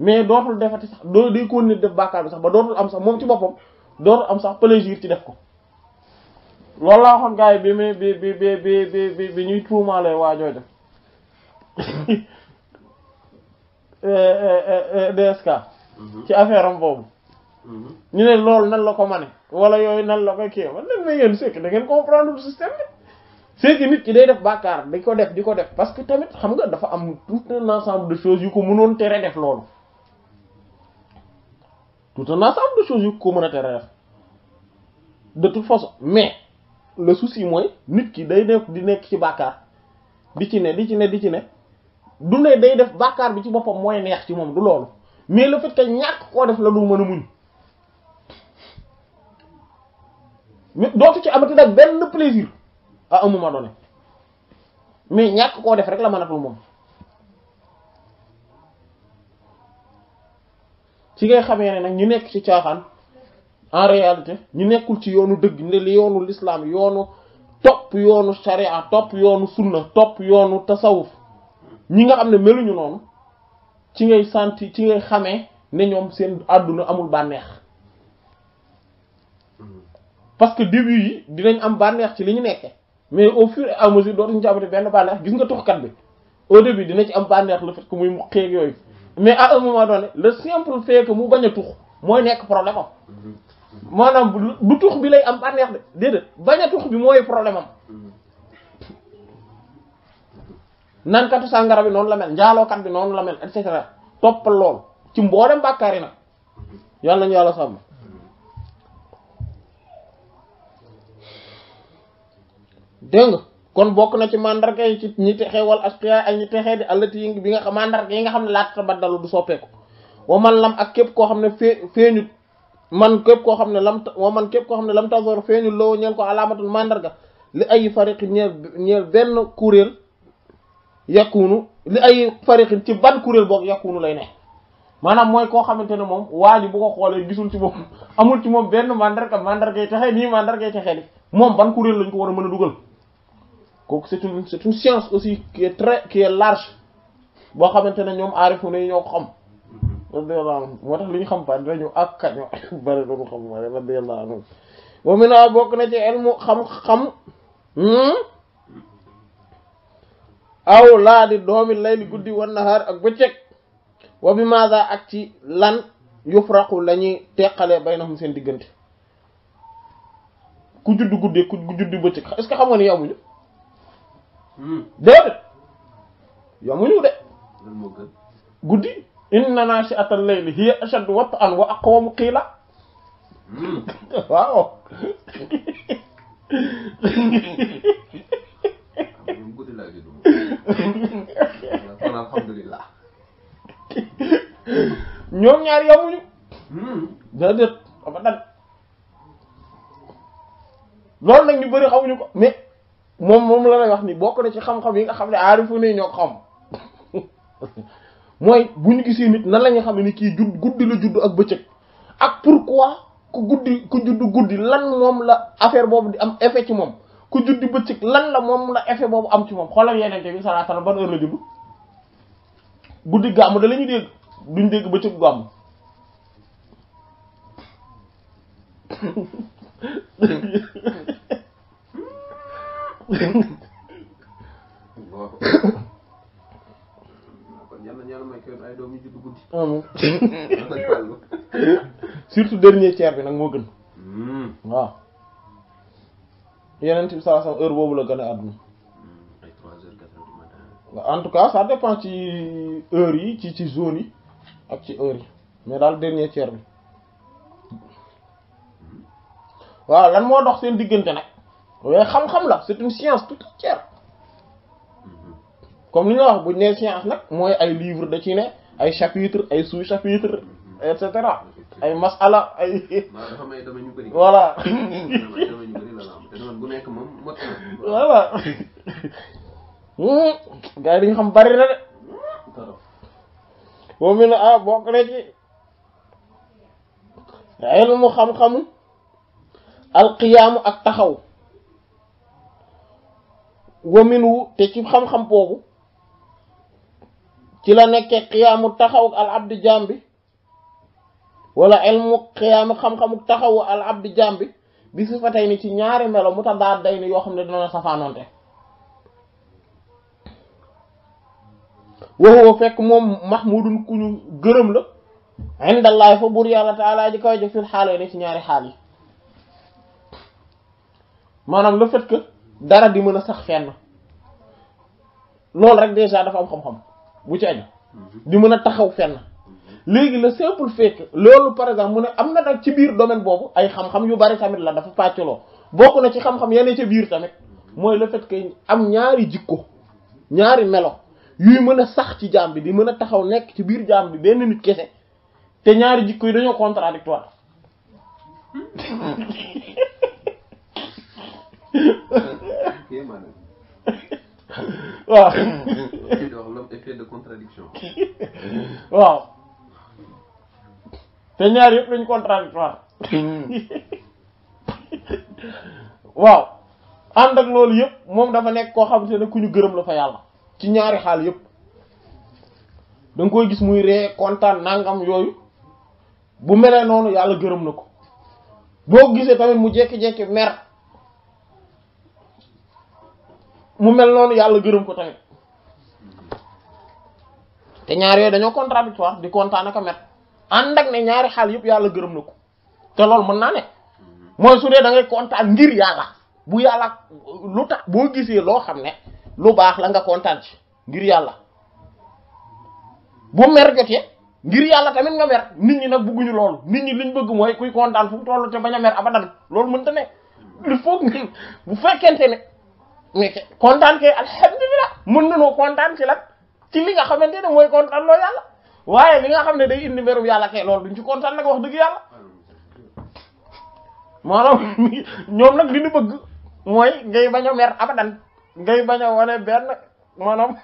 mais dootul defati sax doo day ko nit def bàkkaar bi sax ba dootul am sax moom ci boppam dootul am sax plaisir ci def ko loolu laa waxoon gars yi bi muy bi bi bi bi bi bi ñuy tuumaale waajoo jooju euh, euh, euh, DSK. Mhm. ci affaire am boobu. ñu né loolu nan la ko mané wala yoy nan la ko kii wala nan la yéen c'est que da ngeen comprendre système bi c'est que nit ki day def bakkar diko def diko def parce que tamit xam nga dafa am tout un ensemble de choses yu ko mënon tere def loolu tout un ensemble de choses yu ko mën a tere def de toute façon mais le souci moy nit ki day def di nekk ci bakkar bi ci né di ci né di ci né du né day def bakkar bi ci bopam moy neex ci mom du loolu mais le fait que ñak ko def la du mëna a muñ dootu ci amati benn plaisir à un moment mais ñàkk koo def rek la mënatul moom ci ngay xame ne nag ñu nekk ci caaxaan en réalité ñu nekkul ci yoonu dëgg ne li yoonu l'islam yoonu topp yoonu sharia topp yoonu sunna topp yoonu tasawuf ñi nga xam ne meluñu noonu ci ngay senti ci ngay xamee ne ñoom seen àdduna amul bànneex parce que début yi dinañ am banex ci liñu nekké mais au fur et à mesure dootuñ ci amati benn banex gis nga tuxkat bi au début dina ci am banex le fait que muy muxé ak yoy mais à un moment donné le simple fait que mu baña a tux mooy nekk problème manam maanaam du tux bi lay am banex de dede baña a tux bi moy problème am nan nankatu sangara bi non la mel kat bi non la mel et cetera top lool ci mbolam bakari yi yalla ñu yalla yàlla Deng, kon bok na ci mandarga ci ñi taxewal wal asqiya ak ñi taxé di alati yi bi nga xam mandarga yi nga xam la laata du wa man lam ak kep ko xamne ne man kep ko xamne ne lam wa man kep ko xamne ne lam tasor feñu lo ñen ko alamatul mandarga li ay fariq ñeel ñeel benn kuréel yakunu li ay fariq ci ban kurel bok yakunu lay ne manam moy ko xamantene mom waji bu ko xoolee gisul ci moom amul ci mom ben mandarga mandarga taxé ni mandarga taxé ni moom ban kurel lañ ko wara mëna duggal kooku c'est une science aussi qui est très qui large boo xamante ne ñoom aarifu ne ñoo xam radiyallahu anhu moo tax li ñu xam ba dañu ak kaño bari doon xam ma radiyallahu anhu wa min a bokk na ci ilmu xam-xam hmm? aw laa di doomi layli guddi wan nahaar ak bëccëg wa bi maada ak ci lan lañuy la bay na baynahum seen diggante ku judd guddee ku judd bëccëg est-ce que xam nga ni amuñu Hmm. déedéet yamuñu de gudi inna nashi'atal layli hiya ashad wat'an wa aqwam qila hmm. waaw alhamdulillah ñoom ñaar yamuñu hmm. déedéet abadan loolu nag ñu bari xamuñu ko mais moom moom la lay wax ni bokk na ci xam-xam yi nga xam ne aarifu ne ñoo xam mooy bu ñu gisee nit nan la xam ne ni kii judd guddi la judd ak bëccëg ak pourquoi ku guddi ku judd guddi lan moom la affaire boobu di am effet ci moom ku juddi bëccëg lan la moom la effet boobu am ci moom xoolal yenente bi sallallahu la judd guddi gàmm da la dégg duñ dégg bëccëg gàmm surtout dernier tiers bi nag moo gën. Hmm. waaw yeneen ci saa saa heure boobu la gën a àdduna. Hmm. en tout cas ça dépend ci heure yi ci ci zone yi ak ci heure yi mais daal dernier tiers bi. Hmm. waaw lan moo dox seen diggante nag. mais xam-xam la c'est une science tout entière comme li nga wax buñ nee science nag mooy ay livre de ci ay chapitre ay sous-chapitre et ay masala ay. voilà. voilà. Hmm, gars yi dañu xam bari na de. boo mu ne ah bokk na ci ilmu xam-xamu alqiyaamu ak taxaw. wa minhu te ci xam-xam boobu ci la nekkee xiyaamu taxaw al abdi jaam bi wala ilmu taxawu al abdi jaam bi bi si fa tey ni ci ñaari melo mu ta daat day ni yoo xam ne dana safaanoonte waxoo fekk moom mahmudun ku ñu gërëm la indallahi fa buur yàlla taala ji kaw ji fil xaale ni ci ñaari xaal yi maanaam le fait dara di mën a sax fenn loolu rek déjà dafa am xam-xam bu ci aju mhm. di mën a taxaw fenn mhm. léegi le simple fait loolu par exemple mu ne am na nag ci biir domaine boobu ay xam-xam yu bari tamit la dafa pàccaloo bokk na ci xam-xam yeneen ca biir tamit mhm. mooy le fait que am ñaari jikko ñaari melo yuy mën a sax ci jaam bi di mën a taxaw nekk ci biir jaam bi benn nit kese te ñaari jikko yi dañoo contradictoire Gimana? waaw. effet de contradiction. waaw. te ñaar yëpp dañ contradictoire. waaw. ànd ak loolu yëpp moom dafa nekk koo xamante ne ku ñu gërëm la fa yàlla. ci ñaari xaal yëpp. da koy gis muy ree kontaan nangam yooyu. bu melee noonu yàlla gërëm na ko. boo gisee tamit mu mer. mu mel noonu yàlla gërëm ko tamit te ñaar yooyu dañoo contradictoire di kontaan ak a met ànd ne ñaari xaal yëpp yàlla gërëm na ko te loolu mën naa ne mooy su dee da kontaan ngir yàlla bu yàlla lu gisee loo xam ne lu baax la nga kontaan ngir yàlla bu mer jotee ngir yàlla tamit nga mer nit ñi nag bëgguñu loolu nit ñi liñ bëgg mooy kuy kontaan fu mu toll te bañ a mer abadan loolu mënta ne il faut bu fekkente ne. mais kontaan kay alhamdulilah mën nañu kontaan ci lan ci li nga xamantene moy mooy lo yalla waye li nga xamne day indi mbirum yalla ke lolou duñ ci kontaan nak wax dëgg yalla maanaam ñoom nag li ñu bëgg moy ngay baña mer abadan ngay baña a ben manam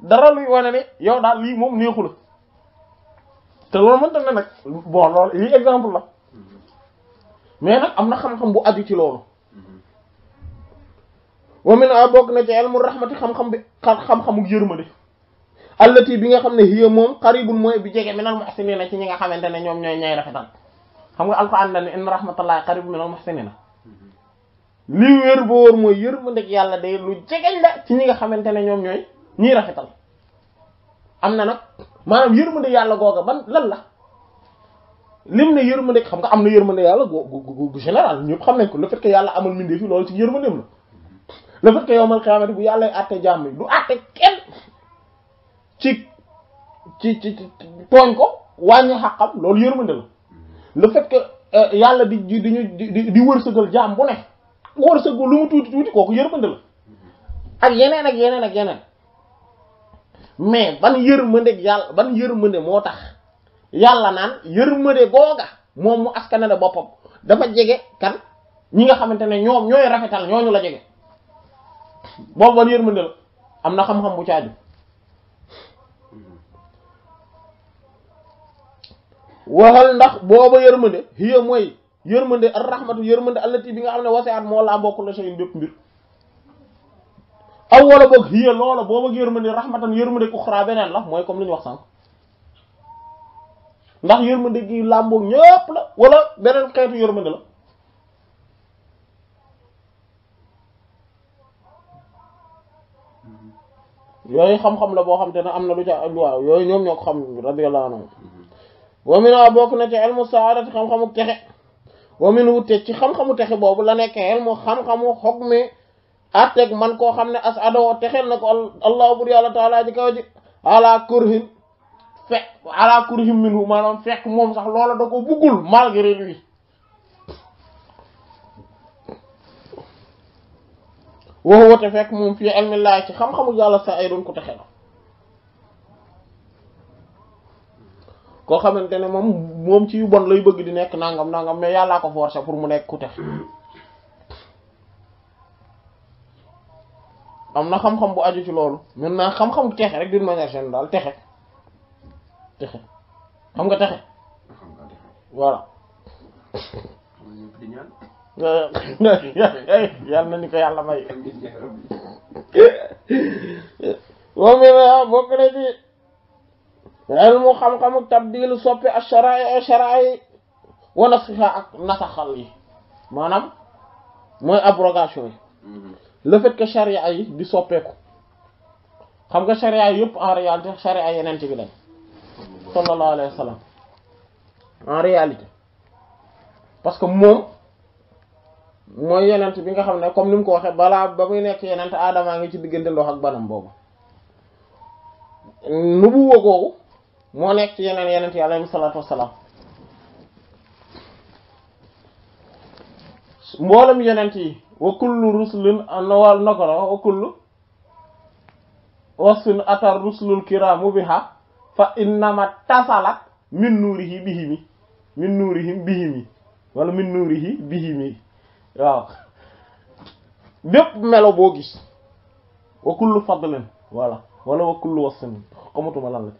dara luy wane ni yow daal li mom neexu la te loolu mënta ne nag bon loolu lii exemple la mais nak amna xam-xam bu addu ci lolou waa min a bokk na ci ilmu rahmati xam-xam bi xam-xamu yërmande allati bi nga xam ne hiya moom qaribul mooy bi jege minal muhsinina ci ñi nga xamante ne ñoom ñooy ñay rafetal xam nga alquran la ne inna rahmatallahi qaribun minal muhsinina lii wér boo wóor mooy yërmande yàlla day lu jegeñ la ci ñi nga xamante ne ñoom ñooy ñiy rafetal am na nag maanaam yërmande yàlla googa ban lan la lim ne yërmande xam nga am na yërmande yàlla gu gu gu général ñëpp xam nañ ko le fait yàlla amul mbindeef yi loolu ci yërmandeem la le fait que yowmal xiyaamati bu euh, yalla até jammi du até kenn ci ci ci tooñ ko wàññi xàqam loolu yërmande le fait que yalla di di di wërsegal jamm bu ne wërsegal lu mu tuti tuti koku yërmande ak yenen ak yenen ak yenen mais ban ak yalla ban yërmande motax yalla nan naan goga mom mu askana la bopam dafa jege kan ñi nga xamantene ne ñoom ñooy rafetal ñoñu la jege. boobu ban yërmande la am na xam-xam bu caaju waxal ndax booba yërmande hiya mooy yërmande ar rahmatu yërmande allati bi nga xam ne wasi'at moo laa bokk la shay'in bépp mbir aw wala boog hiya loola booba yërmande rahmatan yërmande uxra beneen la mooy comme li ñu wax sànq ndax yërmande gi làmboog ñépp la wala beneen xeetu yërmande la yooyu xam-xam la boo xam te ne am na lu ca waaw yooyu ñoom ñoo ko xam radiyallahu anhu wa mi waa bokk na ci ilmu saadati xam-xamu texe wa min wute ci xam-xamu texe boobu la nekk ilmu xam-xamu xog mi atteg man koo xam ne as adoo texel na ko allah bur yàlla taala ji kaw ji ala kurhin fekk ala kurhin minhu maanaam fekk moom sax loola da buggul malgré lui waxu wate fekk moom fii almilaa ci xam-xamu yàlla sa ay doon ko texe la koo xamante ne moom moom ci yu bon lay bëgg di nekk nangam nangam mais yàllaa ko forcer pour mu nekk ku texe am na xam-xam bu aju ci loolu maintenant xam-xam texe rek d'une manière générale texe texe xam nga texe voilà yàlla na ni ko yàlla may wa mina bokk na ci ilmu xam-xamu tabdilu soppi ak sharai sharai wa nasiha ak nasaxal yi maanaam mooy abrogation yi le fait que charia yi di soppeeku xam nga charia yëpp en réalité charia yeneen bi lañ sallallahu alayhi wa sallam en réalité parce que moom mooy yonent bi nga xam ne comme ni mu ko waxee balaa ba muy nekk yonent adamaa ngi ci diggante ndox ak banam boobu nubuwa googu moo nekk ci yeneen yonent yi alayhim salaatu wassalaam mboolem yonent yi wa kullu rusulin nawal nakara wa kullu wasfin atar rusulul kiraamu biha fa innama tasalat min nuurihi bihimi min nuurihim bihimi wala min nuurihi bihimi waaw bépp melo boo gis wa kullu fadlin voilà wala wa kullu wasfin xamatuma lan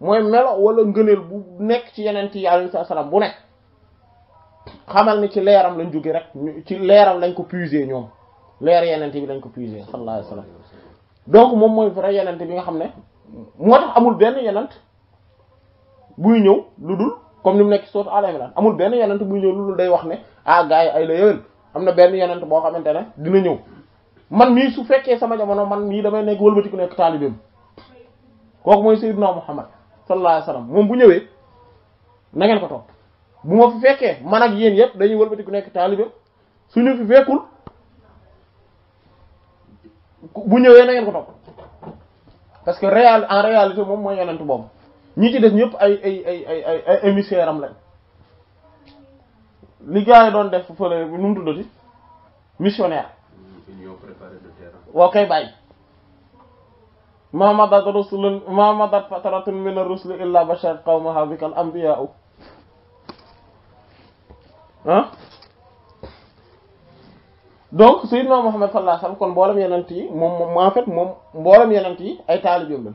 mooy melo wala ngëneel bu nekk ci yeneen ci yàlla sallallahu bu nekk xamal ni ci leeram lañ ci leeram lañ ko puiser ñoom leer yeneen bi lañ ko puiser sallallahu alayhi moom mooy vrai yeneen bi nga xam ne moo tax amul benn yeneen buy ñëw lu dul comme nim nek nekk sourate Al Imran amul ben yonent bu ñew loolu day wax ne ah gaay ay la yeen amna ben yonent bo xamantene dina ñew man mi su fekke sama jamono man mi damay nekk wëlbatiku nek talibem kok moy sayyidna Muhammad sallallahu alayhi wasallam mom bu ñewé na ngeen ko top bu mo fi fekke man ak yeen yeb dañuy wëlbatiku nek talibem suñu fi fekkul bu ñewé na ngeen ko top parce que real en réalité mom moy yonent bobu ñi ci des ñëpp ay ay ay ay ay lañ li gars yi doon def fële nu mu tuddati missionnaire. waa koy bàyyi. mahamadat rusulun mahamadat fataratun min ar-rusuli illa bashar qawmaha bikal anbiya'u ah donc sayyidna Muhammad sallallahu alayhi wasallam kon mboolem yenent yi moom moom en fait moom mboolem yenent yi ay taalibeem lañ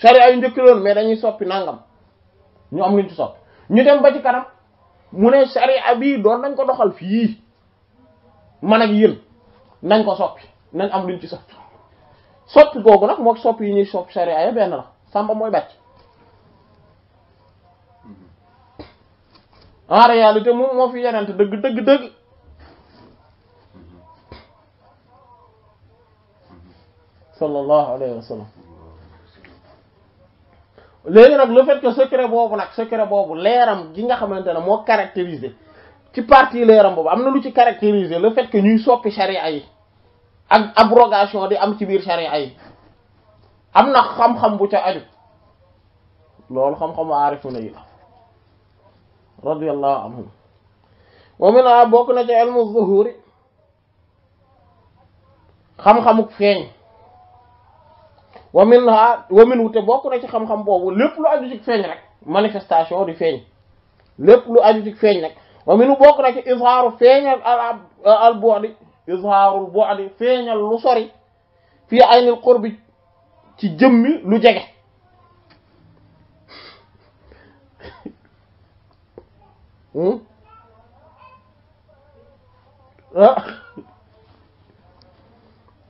sharia yu njëkk loon mais dañuy soppi nangam ñu am luñ ci soppi ñu dem ba ci kanam mu ne sharia bii doon nañ ko doxal fii man ak yéen nañ ko soppi nañ am luñ ci soppi soppi googu nag mook soppi yi ñuy soppi sharia ya benn la sàmba mooy bàcc en réalité moom moo fi yenent dëgg dëgg dëgg sallallahu alayhi wa léegi nag le fait que secret boobu nag secret boobu leeram gi nga xamante ne moo caractérisé ci partie leeram boobu am na lu ci caractérisé le fait que ñuy soppi charia yi ak abrogation di am ci biir charia yi am na xam-xam bu ca aju loolu xam-xamu aarifuna yi la radiyallahu anhum wa mina bokk na ci ilmu zuhuri xam-xamuk feeñ waminha minha wa min wute bokk na ci xam-xam bobu lépp lu aju ci feñ rek manifestation du feñ lépp lu aju ci feñ nak wa bokku na ci izharu feñ al al bu'di al bu'di feeñal lu sori fii aynil qurbi ci jëmmi lu jégué hmm ah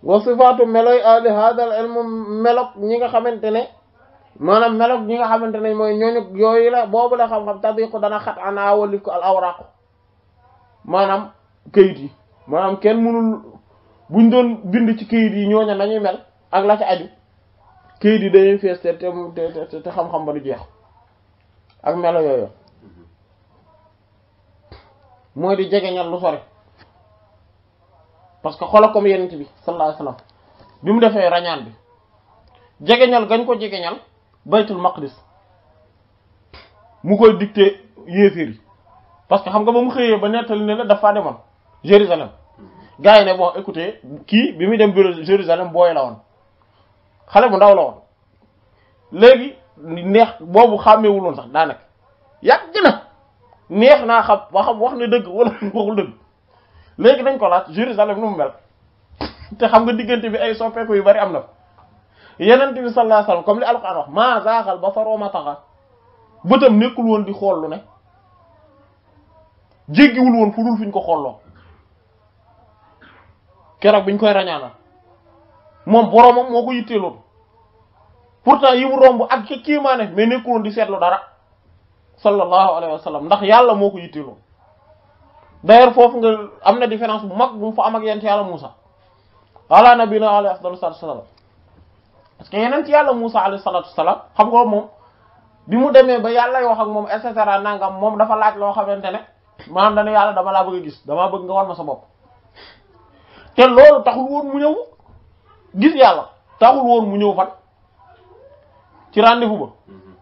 wa melo yi ahli hadal ilmu melog ñi nga xamante ne maanaam melog ñi nga xamante ne mooy ñooñu yooyu la boobu la xam-xam tadiqu dana xat ana ko al awraqu maanaam kayit yi maanaam kenn mënul buñ doon bind ci kayit yi ñooña nañuy mel ak la ci aju kayit yi dañuy fees te te xam-xam ba du jeex ak melo yooyu mm-hmm. mooy di jegeñal lu sori parce que xoola comme yenen bi sallalahu alayhi wasallam bimu defé rañan bi djégeñal gañ ko djégeñal baytul maqdis mu koy dicté yéeféer parce que xam nga bamu xeyé ba netal ne la dafa démon Jérusalem gaay ne bon écoutez ki bimu dem Jérusalem boy la won xale bu ndaw la won légui neex bobu xamé wulon sax daanaka yàgg na neex na xam wax wax ne deug wala waxul deug léegi dañ ko laat Jérusalem nu mu mel te xam nga diggante bi ay soppeeku yu bari am na yeneen yenent bi sallallahu alayhi wasallam comme li alquran wax maa zaaxal basaru maa taxa bëtam nekkul woon di xool lu ne jéggiwul woon fu dul fuñ ko xolloo keroog biñ koy rañaanal moom boromam moo ko yitteeloon pourtant yi mu romb ak kéemaane mais nekkul woon di seetlu dara sallallahu alayhi wasallam ndax yàlla moo ko yitteeloon d'ailleurs foofu nga am na différence bu mag bu mu am ak yonent yàlla Muusa ala nabina alayhi afdalu salaatu wasalaam parce que yàlla Muusa alayhi salaatu xam nga moom bi mu demee ba yàlla wax ak moom et cetera nangam moom dafa laaj loo xamante ne maanaam dana yàlla dama laa bëgg a gis damaa bëgg nga war na sa bopp te loolu taxul woon mu ñëw gis yàlla taxul woon mu ñëw fan ci rendez-vous ba mm-hmm.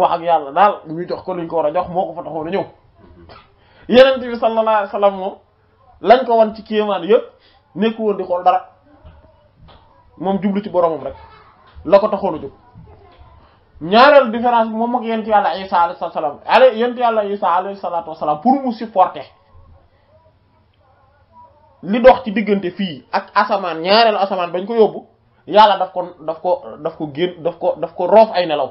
wax yàlla daal ñu jox ko liñ ko war a jox moo ko fa taxoon a ñëw yonent bi sallallahu alayhi wasallam mom lañ ko won ci kéemaan yeb neeku won di xol dara mom djublu ci boromam rek lako taxolu djub ñaaral difference mom ak yonent yàlla Isa alayhi wasallam ale yonent yàlla Isa alayhi salaatu wasalaam pour mu supporter li dox ci digeunte fi ak asaman ñaaral asaman bañ ko yobbu yalla daf ko daf ko daf ko génn daf ko daf ko roof ay nelaw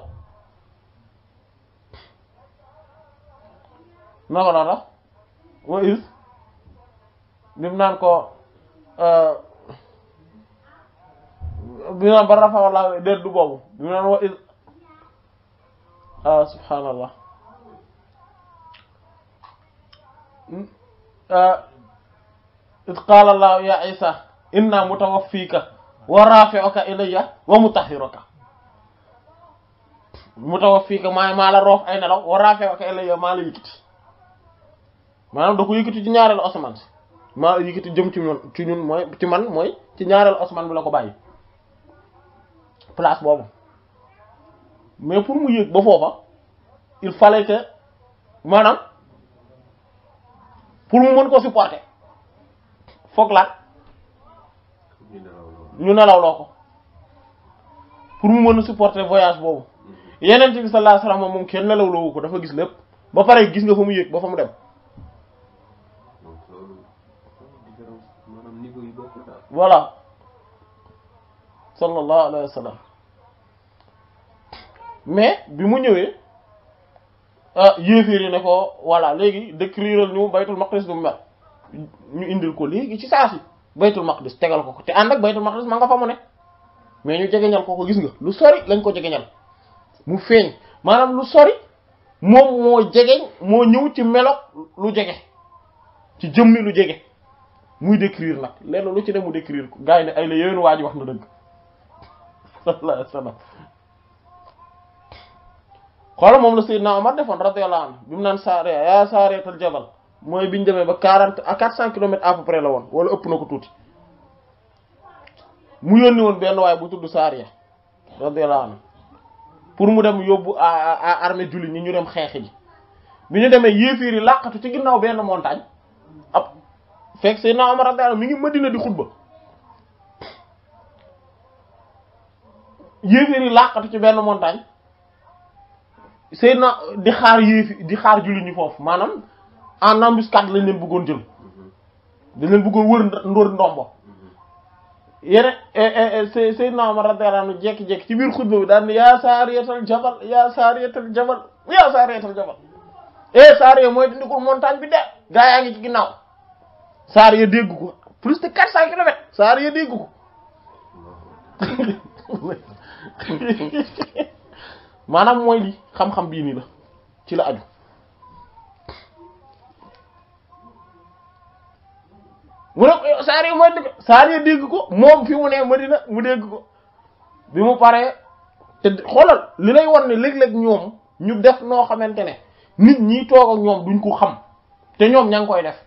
naka la wa is bi ko bi euh, mu naan ba rafa la déet du boobu bi mu naan wa is ah subhaanallah hmm? ah, it qaala allahu ya isa inna mutawaffiika wa rafi'uka ilayya wa mutahhiruka mutawaffiika maa maa la roof ay nelaw wa rafi'uka ilayya maa la yëkkati maanaam da ko yëkkati ci ñaareelu asamaan si maa yëkkati jëm ci ñun ci ñun mooy ci man mooy ci ñaareelu asamaan bi la ko bàyyi place boobu mais pour mu yëg ba foofa il fallait que maanaam pour mu mën ko supporter foog laat ñu nelaw loo ko pour mu mën a supporter voyage boobu mm-hmm. yeneen bi sallallahu alayhi wasallam moom kenn nelawloowu ko dafa gis lépp ba pare gis nga fa mu yëg ba fa mu dem voilà sallallahu alayhi wa mais bi mu ñëwee ah, yéeféer yi ne ko voilà léegi décriral ñu baytul maqdis bu mel ñu indil ko léegi ci saa si baytul maqdis tegal ko ko te ànd ak baytul maqdis ma nga fa mu ne mais ñu jegeñal ko ko gis nga lu sori lañ ko jegeñal mu feeñ maanaam lu sori moom moo jegeñ moo ñëw ci melo lu jege ci jëmmi lu jege muy décrire nag lenn lu ci dem mu décrire ko gars ne ay la yéen waa ji wax na dëgg sallallahu alayhi wasallam xoola moom la Seydina Omar defoon radiyallahu anhu bi mu naan saare yaa saareetal jabal mooy ñu demee ba quarante à quatre cent kilomètres à peu la woon wala ëpp na ko tuuti mu yónni woon benn waaye bu tudd Sariya radiyallahu anhu pour mu dem yóbbu à armée jullit ñi ñu dem xeexi ji bi ñu demee yéefiir yi ci ginnaaw benn montagne fekk Seydina Omar radiyallahu mi ngi Madina di xutba yéeféer yi làqatu ci benn montagne na di xaar yéefi di xaar julli ñi foofu maanaam en embuscade lañ leen bëggoon jël dañ leen bëggoon wër ndóor ndombo yene e, e, e, Seydina Omar radiyallahu anhu jekki-jekki ci biir xutba bi daan ne yaa saariyatal jabal yaa saariyatal jabal yaa saariyatal jabal eh saariya mooy dindikul montagne bi de gaa yaa ngi ci ginnaaw saar ya dégg ko plus de quatre cent kilomètres saar ya ko maanaam mooy li bii nii ci la aju mu ne ko saar ya dégg ko moom fi mu ne Madina mu dégg ko bi mu paree te xoolal li lay won ne léeg-léeg ñoom ñu def noo xamante ne nit ñi toog ak ñoom duñ ko xam te ñoom ña ngi koy def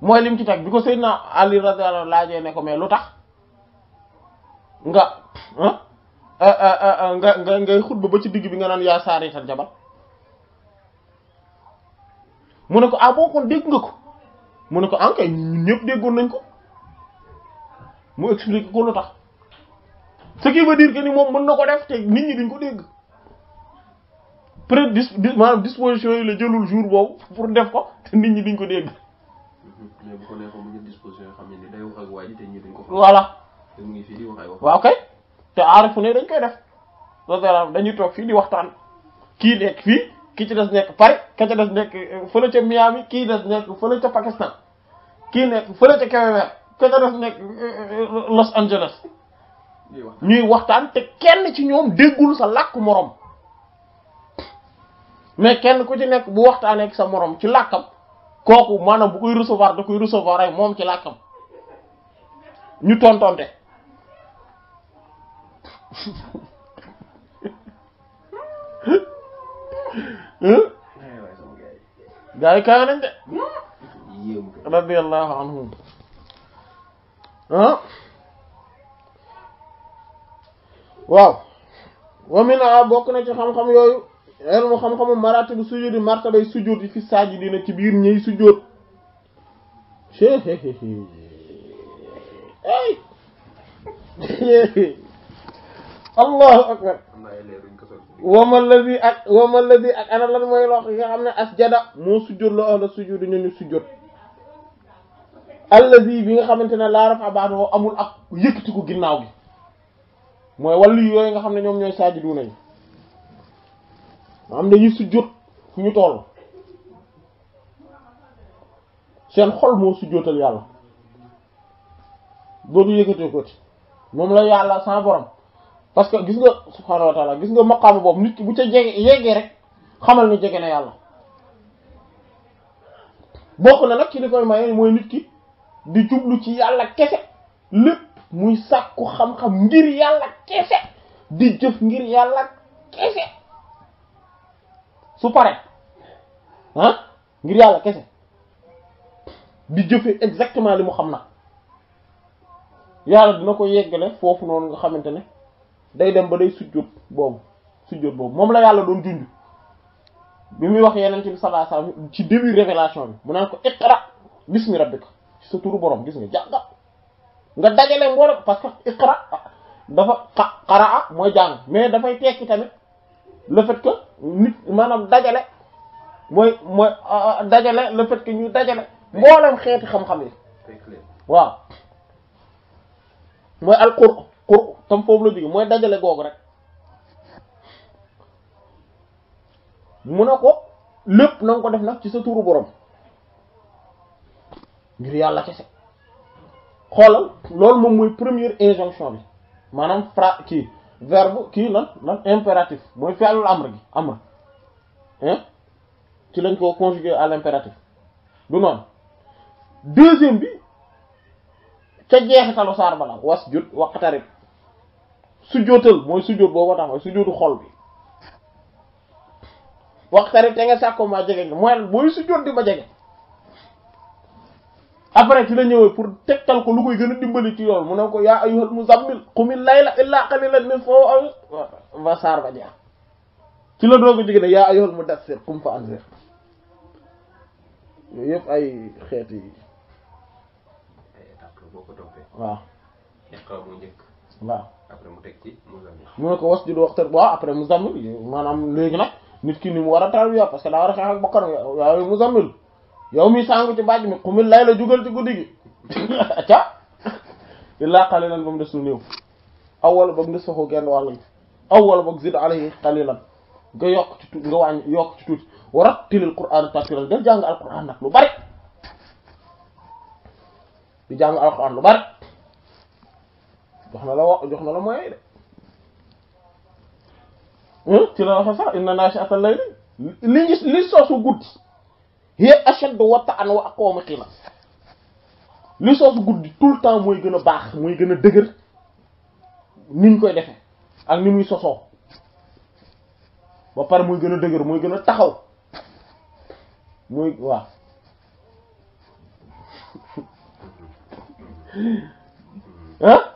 mooy lim ci teg bi ko Seydina Ali radiyallahu anhu laajee ne ko mais lu tax nga euh, euh, euh, nga nga ngay xutba ba ci digg bi nga naan yaa saarital jabal mu ne ko ah boo kon dégg nga ko mu ne ko ah, kay ñëpp déggoon nañ ko mu expliqué ko lu tax ce qui veut dire ni moom mën na ko def te nit ñi duñ ko dégg pré dis maanaam disposition yi la jëlul jour boobu pour def ko te nit ñi duñ ko dégg. mais bu ko te ñii duñ ko xam. voilà te kay dañ koy def loolu dañuy toog fii di waxtaan kii nekk fii ki ci des nekk Paris ki euh, ci kii des ca Pakistan kii nekk fële euh, euh, waxtaan te kenn ci ñoom déggul sa làkk moroom mais kenn ku ci nekk bu waxtaanee ak sa moroom ci làkkam. kooku maanaam bu koy recevoir da koy recevoir ay moom ci làkkam ñu tontonte gaa yi kaay de radiyallahu anhum waaw wa min a bokk na ci xam-xam yooyu elmu xam-xamu maratibu sujudi martabay sujudi fi sajidina ci biir ñëy sujud ay allahu akbar wama ladi ak wama ladi ak ana lan mooy loo nga xam ne asjada moo sujud la ahla sujudi bi nga xamante ne laa a ba'dahu amul ak yëkkati ko ginnaaw gi mooy wàllu yooyu nga xam ne ñoom ñooy sajiduna yi maanaam dañuy sujjóot fu ñu toll seen xol moo sujjóotal yàlla dootu yëkkatee ko ci moom la yàlla sans borom parce que gis nga subhaanahu wa taala gis nga maqaama boobu nit ki bu ca jege yeggee rek xamal ni jege yàlla bokk na nag ci li mooy nit di jublu ci yàlla kese lépp muy sàkku xam-xam ngir yàlla kese di jëf ngir yàlla kese su pare ah ngir yàlla kese di jëfe exactement li mu xam na yàlla dina ko yeggale foofu noonu nga xamante ne day dem ba day sujjóot boobu sujjóot boobu moom la yàlla doon junj bi muy wax yeneen ci sallallahu alayhi ci début révélation bi mu naan ko iqra bismi rabbika ci sa turu borom gis nga jànga nga dajale mboolem parce que iqra dafa xa qaraa mooy jàng mais dafay tekki tamit le fait que nit maanaam dajale mooy mooy euh, euh, dajale le fait que ñu dajale mboolem xeeti xam-xam yi waaw mooy al qur qur tam foofu la jóge mooy dajale googu rek mu ne ko lépp na ko def nag ci sa tuuru boroom ngir yàlla kese xoolal loolu moom mooy première injonction bi maanaam fra kii verbe kii lan lan impératif mooy fi'lul amr gi amr hein ci lañ ko conjuguer à l'impératif du noonu deuxième bi ca jeexitalu saar bala wasjud waqtarib sujjóotal mooy sujjóot boobu tax mooy sujjóotu xol bi waqtarib te nga sàkko ma jege nga mooy booy sujjóot di ma jege après ci la ñëwee pour tegtal ko lu koy gën dimbali ci yoon mu ne ko ya ayyuhal muzammil qumil layla illaa qalilan nisfahu aw ba saar ba jeex ci la dooga jigéen ne yaa ay xeet yi waaw waaw après mu teg ci muzammil mu ne ko wasjud waqtar waaw après muzammil maanaam léegi nag nit ki ni mu war a tarbiya parce que daa war a xeex ak bakkanam yaa ayyuhal muzammil yow mi sangu ci bàjj mi xumil lay la jugal ci guddi gi illaa qalilan ba mu des lu néew awwal ba mu des saxu genn wàll gi nga yokk ci tuuti nga wàññi yokk ci tuuti warattilil qur'aana tartiilaa jàng alqur'aan nag lu lu bari jox na la wax jox na la moyen de hmm? ci la waxe sax layli li li li sosu hiya ashaddu wat'an wa aqwamu qiila li soosu guddi tout le temps mooy gën a baax mooy gën a dëgër ni ñu koy defe ak ni muy sosoo ba pare mooy gën a dëgër mooy gën a taxaw mooy waaw ah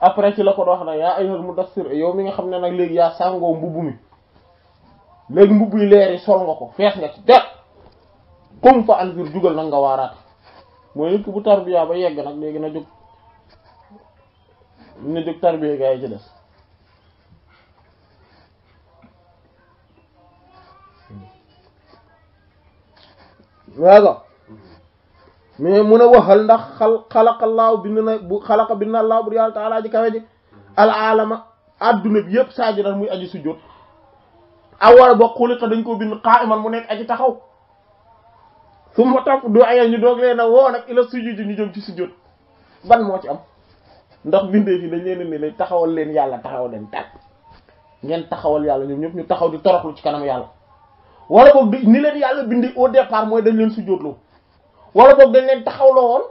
après ci la ko wax na yaa ayyuhal mudassir yow mi nga xam ne nag léegi yaa sàngoo mbubb mi léegi mbubb yi leer yi sol nga ko fees nga ci der comme fa an biir jugal nag nga waaraat mooy nit ki bu tarbiya ba yegg nag léegi na jóg na jóg tarbiya gaa yi ci des waaga mais mun a waxal ndax xal xalaqallaahu bind na bu xalaqa bind na allaahu bu yàlla taalaa ji kawe al alama adduna bi yëpp saajiran muy aji sujjóot awwala ba xuliqa dañ koo bind qa'iman mu nekk aji taxaw su ma topp du aya ñu doog leen a woo nag ila sujudi ñu jëm ci sujud ban moo ci am ndax bindee fi dañ leen ni lay taxawal leen yàlla taxawal leen tàkk ngeen taxawal yàlla ñoom ñëpp ñu taxaw di toroxlu ci kanam yàlla wala boog ni leen yàlla bind au départ mooy dañ leen sujudloo wala boog dañ leen taxaw la woon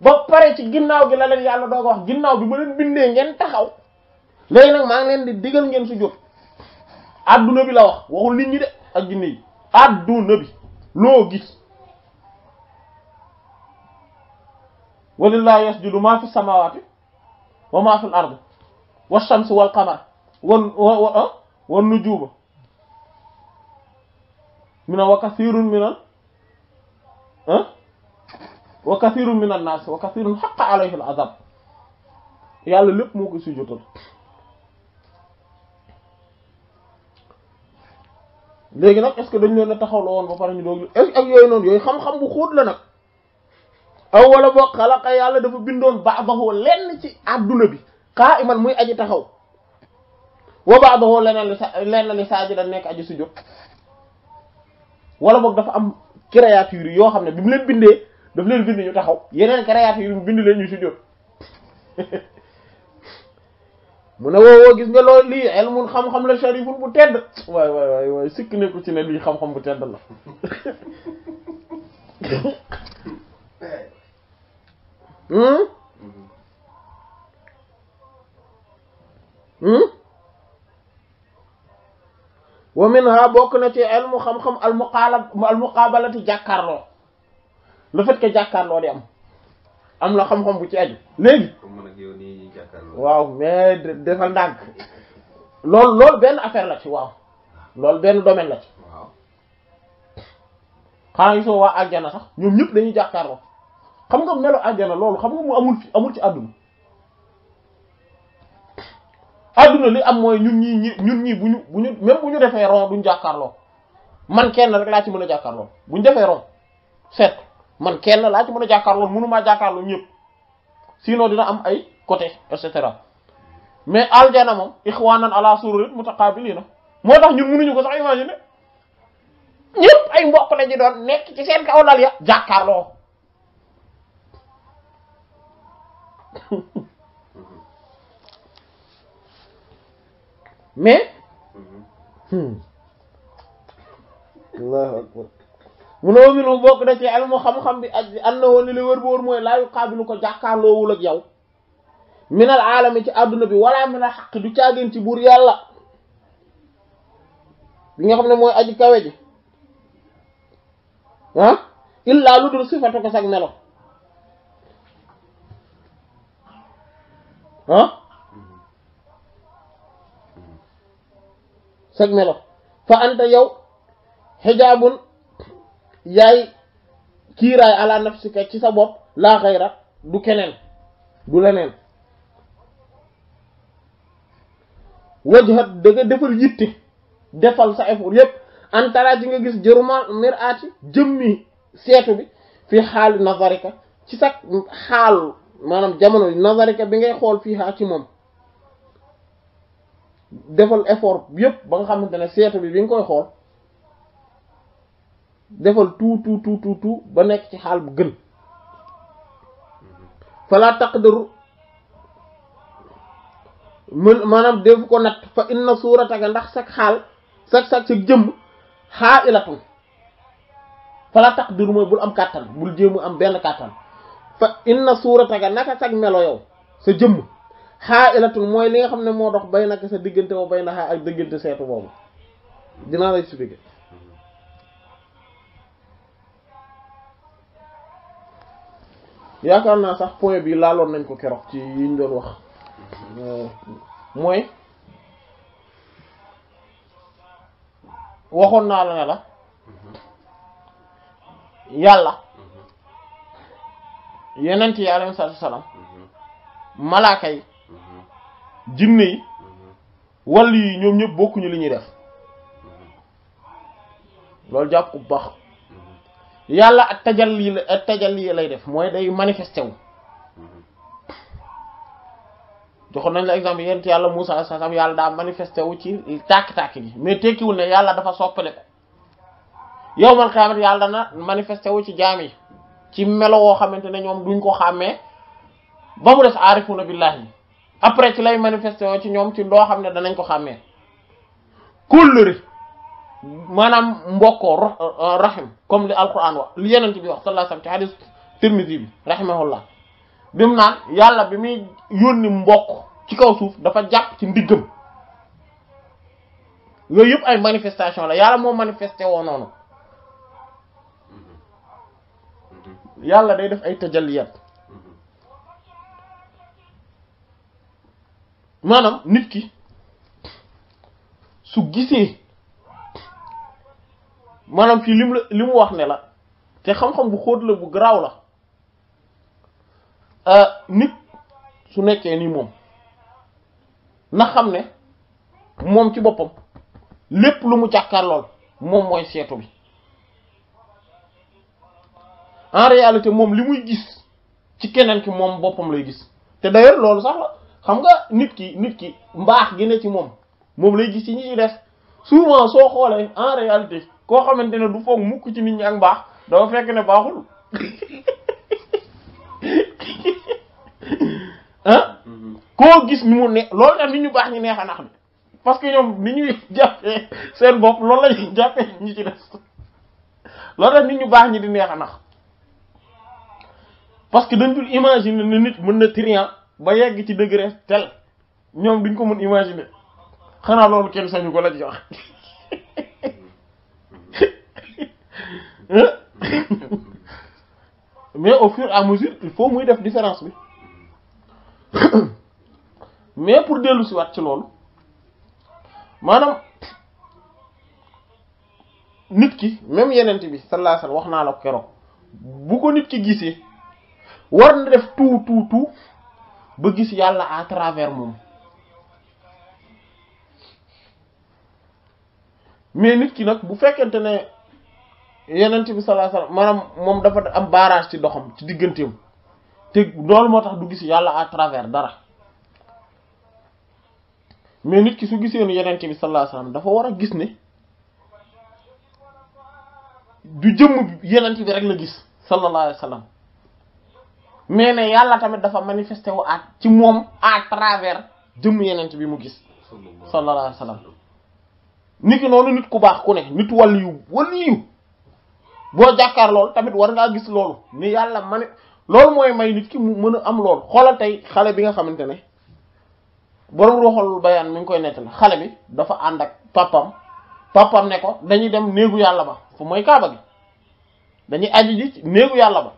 ba pare ci ginnaaw gi la leen yàlla doog ko wax ginnaaw bi ba leen bindee ngeen taxaw léegi nag maa ngi leen di digal ngeen sujud aduna bi la wax waxul nit ñi de ak jinne aduna bi lo gis walillahi yasjudu ma fi samawati wa ma fi al-ard wa shamsu wal qamar wan wa nujuba mina wa kathirun minal ah wa kathirun minan nas wa kathirun haqqa alayhi al-azab yàlla lépp moko ko léegi nag est-ce que dañ leen a taxawloo woon ba pare ñu doog ak yooyu noonu yooyu xam-xam bu xóot la nag aw wala boo xalaqa yàlla dafa bindoon ba'dahu lenn ci adduna bi qa'iman muy aji taxaw wa ba'dahu leneen li sa leneen li saajidan nekk aji sujjóot wala boog dafa am créature yoo xam ne bi mu leen bindee daf leen bind ñu taxaw yeneen créature yi bind leen ñu sujjóot muna wo wo gis nga lo li elmul xam-xam la sharifun bu tedd way way way way sik ne ko ci ne li xam-xam bu tedd la hmm hmm wa minha bok na ci elmu xam-xam al muqalab al muqaabalati jakarlo le fait que jakarlo di am am la xam-xam bu ci aju legi waaw mais defal ndànk loolu loolu benn affaire la ci waaw loolu benn domaine la xaa ngi yi soo waa àjjana sax ñoom ñëpp dañuy jàkkaarloo xam nga melo àjjana loolu xam nga mu amul amul ci àdduna àdduna li am mooy ñun ñii ñi ñun ñii bu ñu bu bu ñu defee ron duñ jàkkaarloo man kenn laa ci mën a jàkkaarloo bu ñu defee man kenn laa ci mën a jàkkaarloo mënumaa jàkkaarloo ñëpp sinon dina am ay côté et cetera mais aljana moom ixwaanan ala sururin mutaqaabiliina moo tax ñun mënuñu ko sax imaginer ñëpp ay mbokk la ñu doon nekk ci seen kaw lal ya jàkkaarloo mais Allahu akbar mu ne wa minhu bokk na ci ilmu xam-xam bi ak bi annahu li wër bu wër mooy laa yuqaabilu ko jàkkaarloowul ak yow minal aalami ci àdduna bi wala minal xaq du caagin ci buur yàlla bi nga xam ne mooy aji kawe ji ah illaa lu dul sifatu ko sag melo ah sag melo fa anta yow xijaabun yaay kiiraay ala nafsika ci sa bopp laa xayra du keneen du leneen wajhat da danga defal yitte defal sa effort yépp antara ji nga gis jëruma miraati jëmmi seetu bi fii xaali nazarika ci sax xaal maanaam jamono nazarika bi ngay xool fii haa ci moom defal effort yépp ba nga xamante ne seetu bi bi nga koy xool defal tout tout tout tout ba nekk ci xaal bu gën fala taqdaru mën maanaam def ko natt fa inna suurataka ndax sag xaal sag sag jëmm xaa ilatun fala taqdir mooy bul am kàttan bul jéemu am benn kàttan fa inna suurataka naka sag melo yow sa jëmm xaa ilatun mooy li nga xam ne moo dox bay naka sa diggante ba bay na xaa ak diggante seetu boobu dinaa la expliquer yaakaar naa sax point bi laaloon nañ ko keroog ci yiñ doon wax Euh, mooy waxoon naa la ne la yàlla yenent yi alayhi salaatu wa malaaka yi jinne yi wàll yi ñoom ñëpp bokkuñu li ñuy def loolu jàpp bu baax yàlla ak tajal yi tajal yi lay def mooy day manifesté wu joxon nañ la exemple yent yàlla musa sallam yàlla da manifester wu ci tak tak gi mais teki wu ne yàlla dafa soppale ko yow khamat yàlla na manifester wu ci jami ci melo wo xamantene ñom duñ ko xamé ba mu def aarifuna billahi après ci lay manifester ci ñom ci lo xamné da nañ ko xamé kóllëre manam mboko rahim comme li alcorane wa li yenen ci bi wax sallallahu alaihi wasallam ci hadith Tirmidhi rahimahullah bi mu naan yàlla bi muy yónni mbokk ci kaw suuf dafa jàpp ci ndiggam yooyu yëpp ay manifestation la yàlla moo manifesté woo noonu yàlla day def ay tajalliyat maanaam nit ki su gisee maanaam fii li mu li mu wax ne la te xam-xam bu xóot la bu garaaw la Euh, nit su nekkee nii moom na xam ne moom ci boppam lépp lu mu jàkkaar lool moom mooy seetu bi en réalité moom li muy gis ci keneen ki moom boppam lay gis te d'ailleurs loolu sax xam nga nit ki nit ki mbaax gi ne ci moom moom lay gis ci ñi ci des souvent soo xoolee en réalité koo xamante ne du foog mukk ci nit ñi ak mbaax dafa fekk ne baaxul ah koo gis ni mu ne loolu tax nit ñu baax ñu neex a nax mi parce que ñoom ni ñuy jàppee seen bopp loolu la ñuy jàppee ñi nit ñu baax ñi di neex a nax parce que dañ dul imaginer ne nit mën na triant ba yegg ci degré tel ñoom duñ ko mën imaginer xanaa loolu kenn sañu ko la ci mm-hmm. mais au fur et à mesure il faut muy def différence bi mais pour dellu si waat ci loolu maanaam nit ki même yenent bi sallallahu wax naa la ko keroog bu ko nit ki gisee war na def tu tout tout ba gis yàlla à travers moom mais nit ki nag bu fekkente ne yenent bi sallallahu alayhi maanaam moom dafa am barrage ci doxam ci digganteem te loolu moo tax du gis yàlla à travers dara mais nit ki su gisee ne yeneen bi sallallahu alayhi dafa war a gis ne du jëmm yeneen bi rek la gis sallallahu alayhi wasallam mais ne yàlla tamit dafa manifesté wu at ci moom à travers jëmm yeneen bi mu gis sallallahu alayhi nit ki noonu nit ku baax ku ne nit wàll yu wàll boo jàkkaar loolu tamit war ngaa gis loolu ni yàlla mani loolu mooy may nit ki mu mën a am lool xoolal tey xale bi nga xamante ne borom roxol bayaan mi ngi koy nettali xale bi dafa ànd ak papam papam ne ko dañuy dem néegu yàlla ba fu mooy kaaba gi dañuy aji ji néegu yàlla ba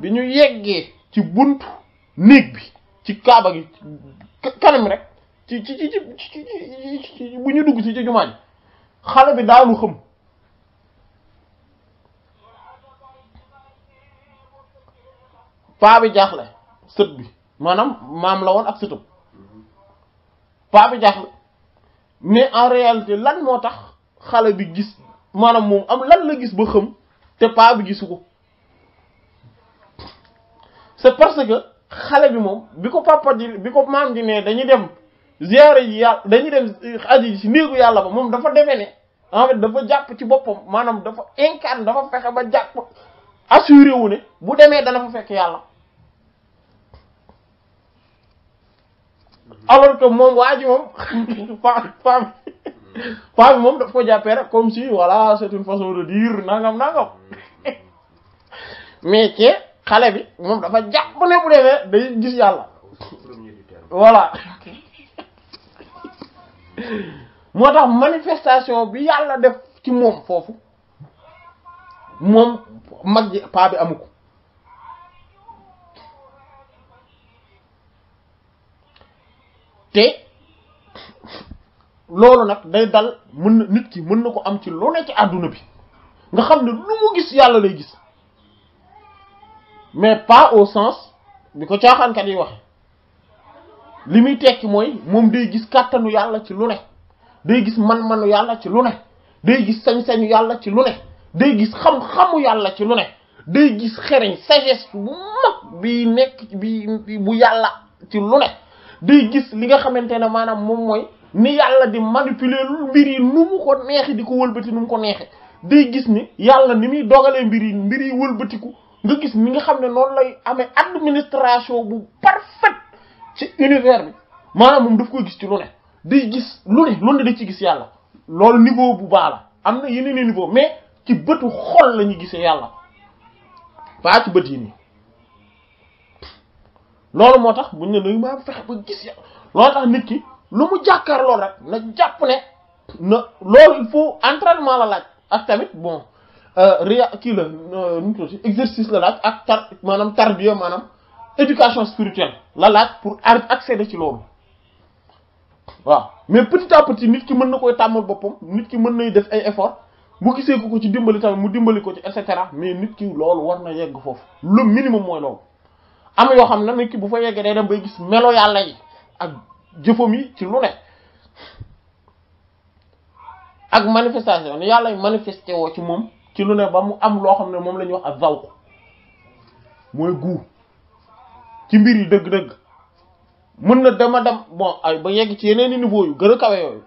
bi ñu yeggee ci buntu néeg bi ci kaaba gi kanam rek ci ci ci ci bu ñu dugg ci ci jumaa ji xale bi daanu xëm paa bi jaaxle sët bi maanaam maam la woon ak sëtam paa bi jaaxle mais en réalité lan moo tax xale bi gis maanaam moom am lan la gis ba xam te paa bi gisu ko c'est parce que xale bi moom bi ko papa ji bi ko maam ji ne dañuy dem ziyaare ji yàlla dañuy dem aji ji ci néegu yàlla ba moom dafa defe ne en fait dafa jàpp ci boppam maanaam dafa incarne dafa fexe ba jàpp assuré wu bu demee dana fa fekk yàlla alors que moom waa moom femme femme moom daf ko jàppee rek comme si voilà c'est une façon de dire nangam nangam mais que xale bi moom dafa jàpp bu demee day gis yàlla voilà moo tax manifestation bi yàlla def ci moom foofu. moom mag ji paa bi amu ko te loolu nag day dal mën na nit ki mën na ko am ci lu ne ci àdduna bi nga xam ne lu mu gis yàlla lay gis mais pas au sens bi ko caaxaankat yi waxe li muy tekki mooy moom day gis kàttanu yàlla ci lu ne day gis man-manu yàlla ci lu ne day gis sañ-sañu yàlla ci lu ne day gis xam-xamu yàlla ci lu ne day gis xereñ bi nekk bi bu yàlla ci lu li nga xamante ne maanaam moom mooy ni yàlla di manipuler mbir yi nu mu ko neexi di ko wëlbati nu mu ko neexee day gis ni yàlla ni muy dogalee mbir yi mbir yi wëlbatiku nga gis mi nga xam ne noonu lay amee administration bu parfaite ci univers bi maanaam moom daf koy gis ci lu ne day gis lu ne lu ne da ci gis yàlla loolu niveau bu baax am na yeneen niveau ci bëtu xol la ñu gisee yàlla pas ci bët yi nii loolu moo tax buñ ne nañu maa fexe ba gis loolu tax nit ki lu mu jàkkaar loolu rek na jàpp ne na loolu il faut entraînement la laaj ak tamit bon euh, réa kii la euh, nu mu exercice la laaj ak tar maanaam tarbiya maanaam éducation spirituelle la laaj pour accéder ci loolu waaw mais petit à nit ki mën na koy tàmm boppam nit ki mën na def ay effort bu gisee ko ci dimbali tamit mu dimbali ko ci et cetera mais nit ki loolu war na yegg foofu lu minimum mooy loolu am yoo xam ne nit ki bu fa yeggee day dem bay gis melo yàlla yi ak jëfam yi ci lu ne ak manifestation ni yàlla manifesté woo ci moom ci lu ne ba mu am loo xam ne moom la wax ak zawq mooy guu ci mbir yi dëgg-dëgg mën na dama dem bon ay ba yegg ci yeneen i niveau yu gën a kawe yooyu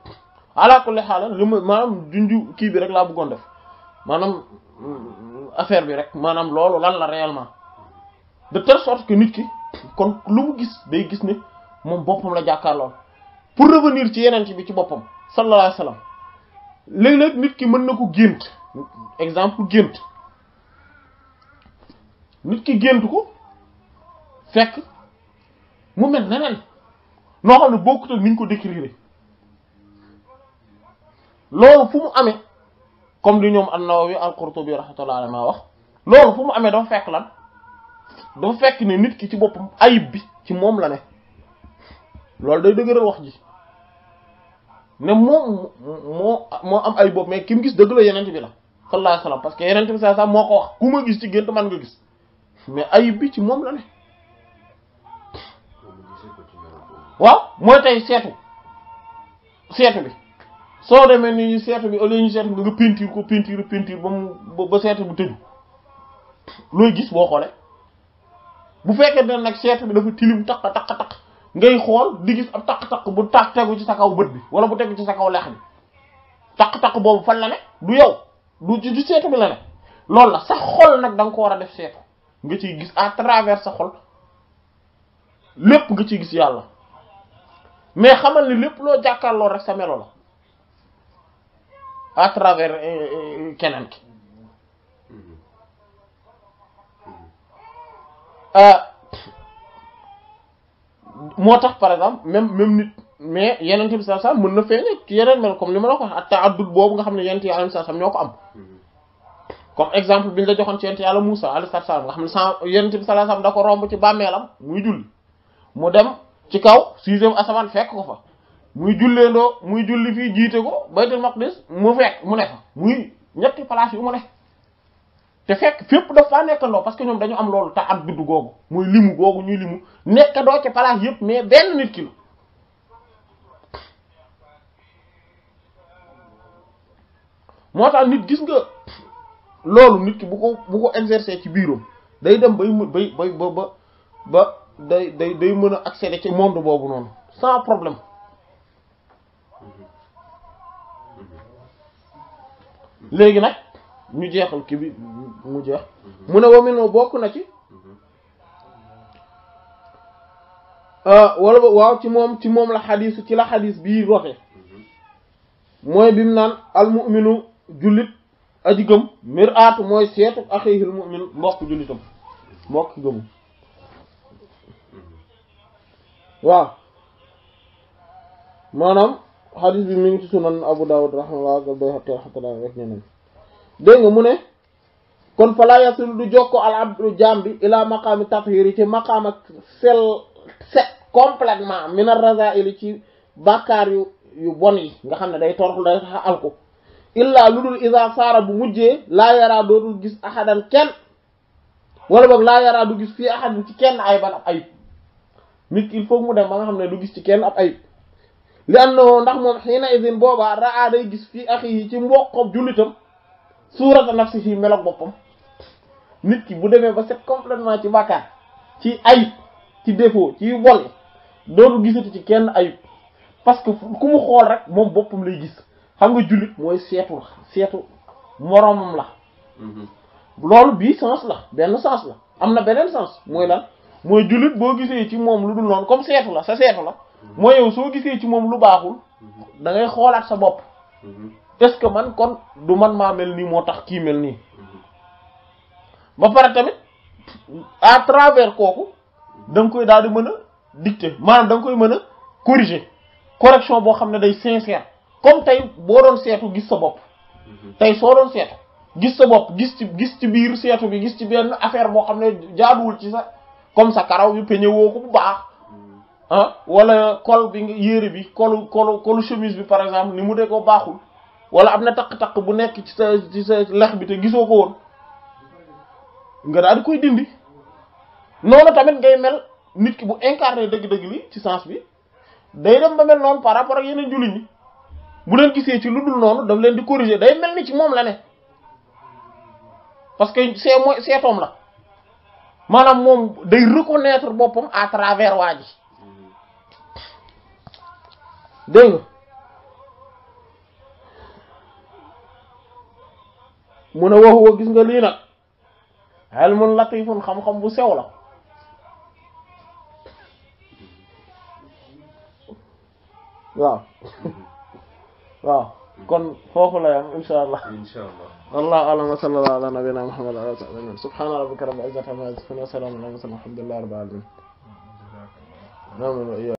ala kulli xaaral li ma maanaam junju kii bi rek laa bëggoon def maanaam mm, affaire bi rek maanaam loolu lan la réellement de telle sorte que nit ki kon lu mu gis day gis ne moom boppam la jàkkaarloo pour revenir ci yeneen bi ci boppam sallallahu alayhi wa léeg-léeg nit ki mën na ko gént exemple gént nit ki gént ko fekk mu mel neneen noo xam ne bokkut ak ni ko décrire loolu fu mu amee comme li ñoom an-Nawawi al-Qurtubi rahmatullahi alayhi ma wax loolu fu mu amee dafa fekk lan dafa fekk ni nit ki ci boppam ayib bi ci moom la ne loolu day dëgëral wax ji ne moom moo moo am ay bopp mais ki mu gis dëgg la yenent bi la sallallahu alayhi wasallam parce que yenent bi sallallahu moo ko wax ku ma gis ci gént man nga gis mais ayib bi ci moom la ne waaw mooy tey seetu seetu bi so demé ni ñu seetu bi au lieu ñu sétu nga peinture ko peinture peinture ba ba sétu bu tëju loy gis bo xolé bu féké dal nak sétu bi dafa tilim tak tak tak ngay xol di gis ab tak tak bu tak tegu ci sa kaw bëd bi wala bu tegu ci sa kaw lex bi tak tak bobu fa la ne du yow du du sétu bi la ne lool la sa xol nak dang ko wara a def sétu nga ci gis à travers sa xol lepp nga ci gis yalla mais xamal ni lepp lo jàkkaarloo rek sa melo la à travers euh, euh, keneen ki euh, moo tax par exemple même même nit mais yeneen bi saa saa mën na feeñee ci yeneen mel comme li ma la ko wax ak boobu nga xam ne yent yàlla saa saa ñoo ko am comme exemple bi ñu la joxoon ci yent yàlla Moussa alayhi salaam nga xam ne sans yent bi saa saa da ko romb ci bàmmeelam muy julli mu dem ci kaw sixième asamaan fekk ko fa muy ndoo muy julli fii jiite ko baytul maqdis mu fekk mu ne fa muy ñetti place yu mu ne te fekk fépp daf faa nekkandoo parce que ñoom dañu am loolu te am gudd googu muy googu ñuy limu nekkandoo ci place yëpp mais benn nit ki moo tax nit gis nga loolu nit ki bu ko bu ko exercer ci biiram day dem bay bay bay ba ba ba day day day mën a accéder ci monde boobu noonu sans problème léegi nag ñu jeexal ki bi mu jeex mu ne waminoo bokk na ci ah, wala waaw ci moom ci moom la xadiis ci la xadiis bii roxe mooy bi mu naan almuminu jullit aji gëm miraatu mooy seetu axihil mumin mbokk jullitam mbokk gëmu waaw maanaam xadis bi mu ngi ci Abu Dawud rahimahullah ak Bayhaqi rahimahullah rek ñeneen dégg nga mu ne kon fala yasul du jokko al abdu jaam bi ila maqaami tathir yu yu yi nga xam ne day torox illaa lu dul isa saara bu mujjee laa yaraa dootul gis axadan kenn wala boog laa yaraa du gis fii axadan ci kenn ayib ak ayib nit il mu dem ba nga xam ne du gis ci kenn ayib li annahu ndax moom xiina idin boobaa raa day gis fii axihi ci mboqob jullitam suurata nafsihi melog boppam nit ki bu demee ba set complètement ci bàkkaar ci ayib ci défaut ci wol dootu gisati ci kenn ayib parce que ku mu xool rek moom boppam lay gis xam nga jullit mooy seetu la seetu moroomam la mhm. loolu bii sens la benn sens la am na beneen sens mooy lan mooy jullit boo gisee ci moom lu dul noonu comme seetu la sa seetu la mooy yow soo gisee ci moom lu baaxul mm-hmm. da ngay xoolaat sa bopp mm-hmm. est-ce que man kon du man maa mel nii moo tax kii mel nii mm-hmm. ba pare tamit à travers kooku da koy daal di mën a dicter maanaam danga koy mën a corriger correction boo xam ne day sincère comme tey boo doon seetu gis sa bopp tey soo doon seetu gis sa bopp gis ci gis ci biir seetu bi gis ci benn affaire boo xam ne jaaduwul ci sa comme sa karaw bi peñe woo ko bu baax ah wala kol bi nga yére bi colu colu colu chemise bi par exemple ni mu dee ko baaxul wala am na takk-takk bu nekk ci sa ci sa lex bi te gisoo ko woon nga daal di koy dindi noonu tamit ngay mel nit ki bu incarné dëgg-dëgg li ci sens bi day dem ba mel noonu par rapport ak yeneen jullit ñi bu leen gisee ci lu dul noonu daf leen di corriger day mel ni ci moom la ne parce que c'est mooy seetoom la maanaam moom day reconnaître boppam à travers waa دغ من هو هو غيس نغ لينا علم لطيف خم خم بو سيولا وا وا كون فوفو لا ان شاء الله ان شاء الله الله اعلم صلى الله على نبينا محمد وعلى اله وصحبه سبحان ربك رب العزه عما يصفون وسلام على المرسلين والحمد لله رب العالمين نعم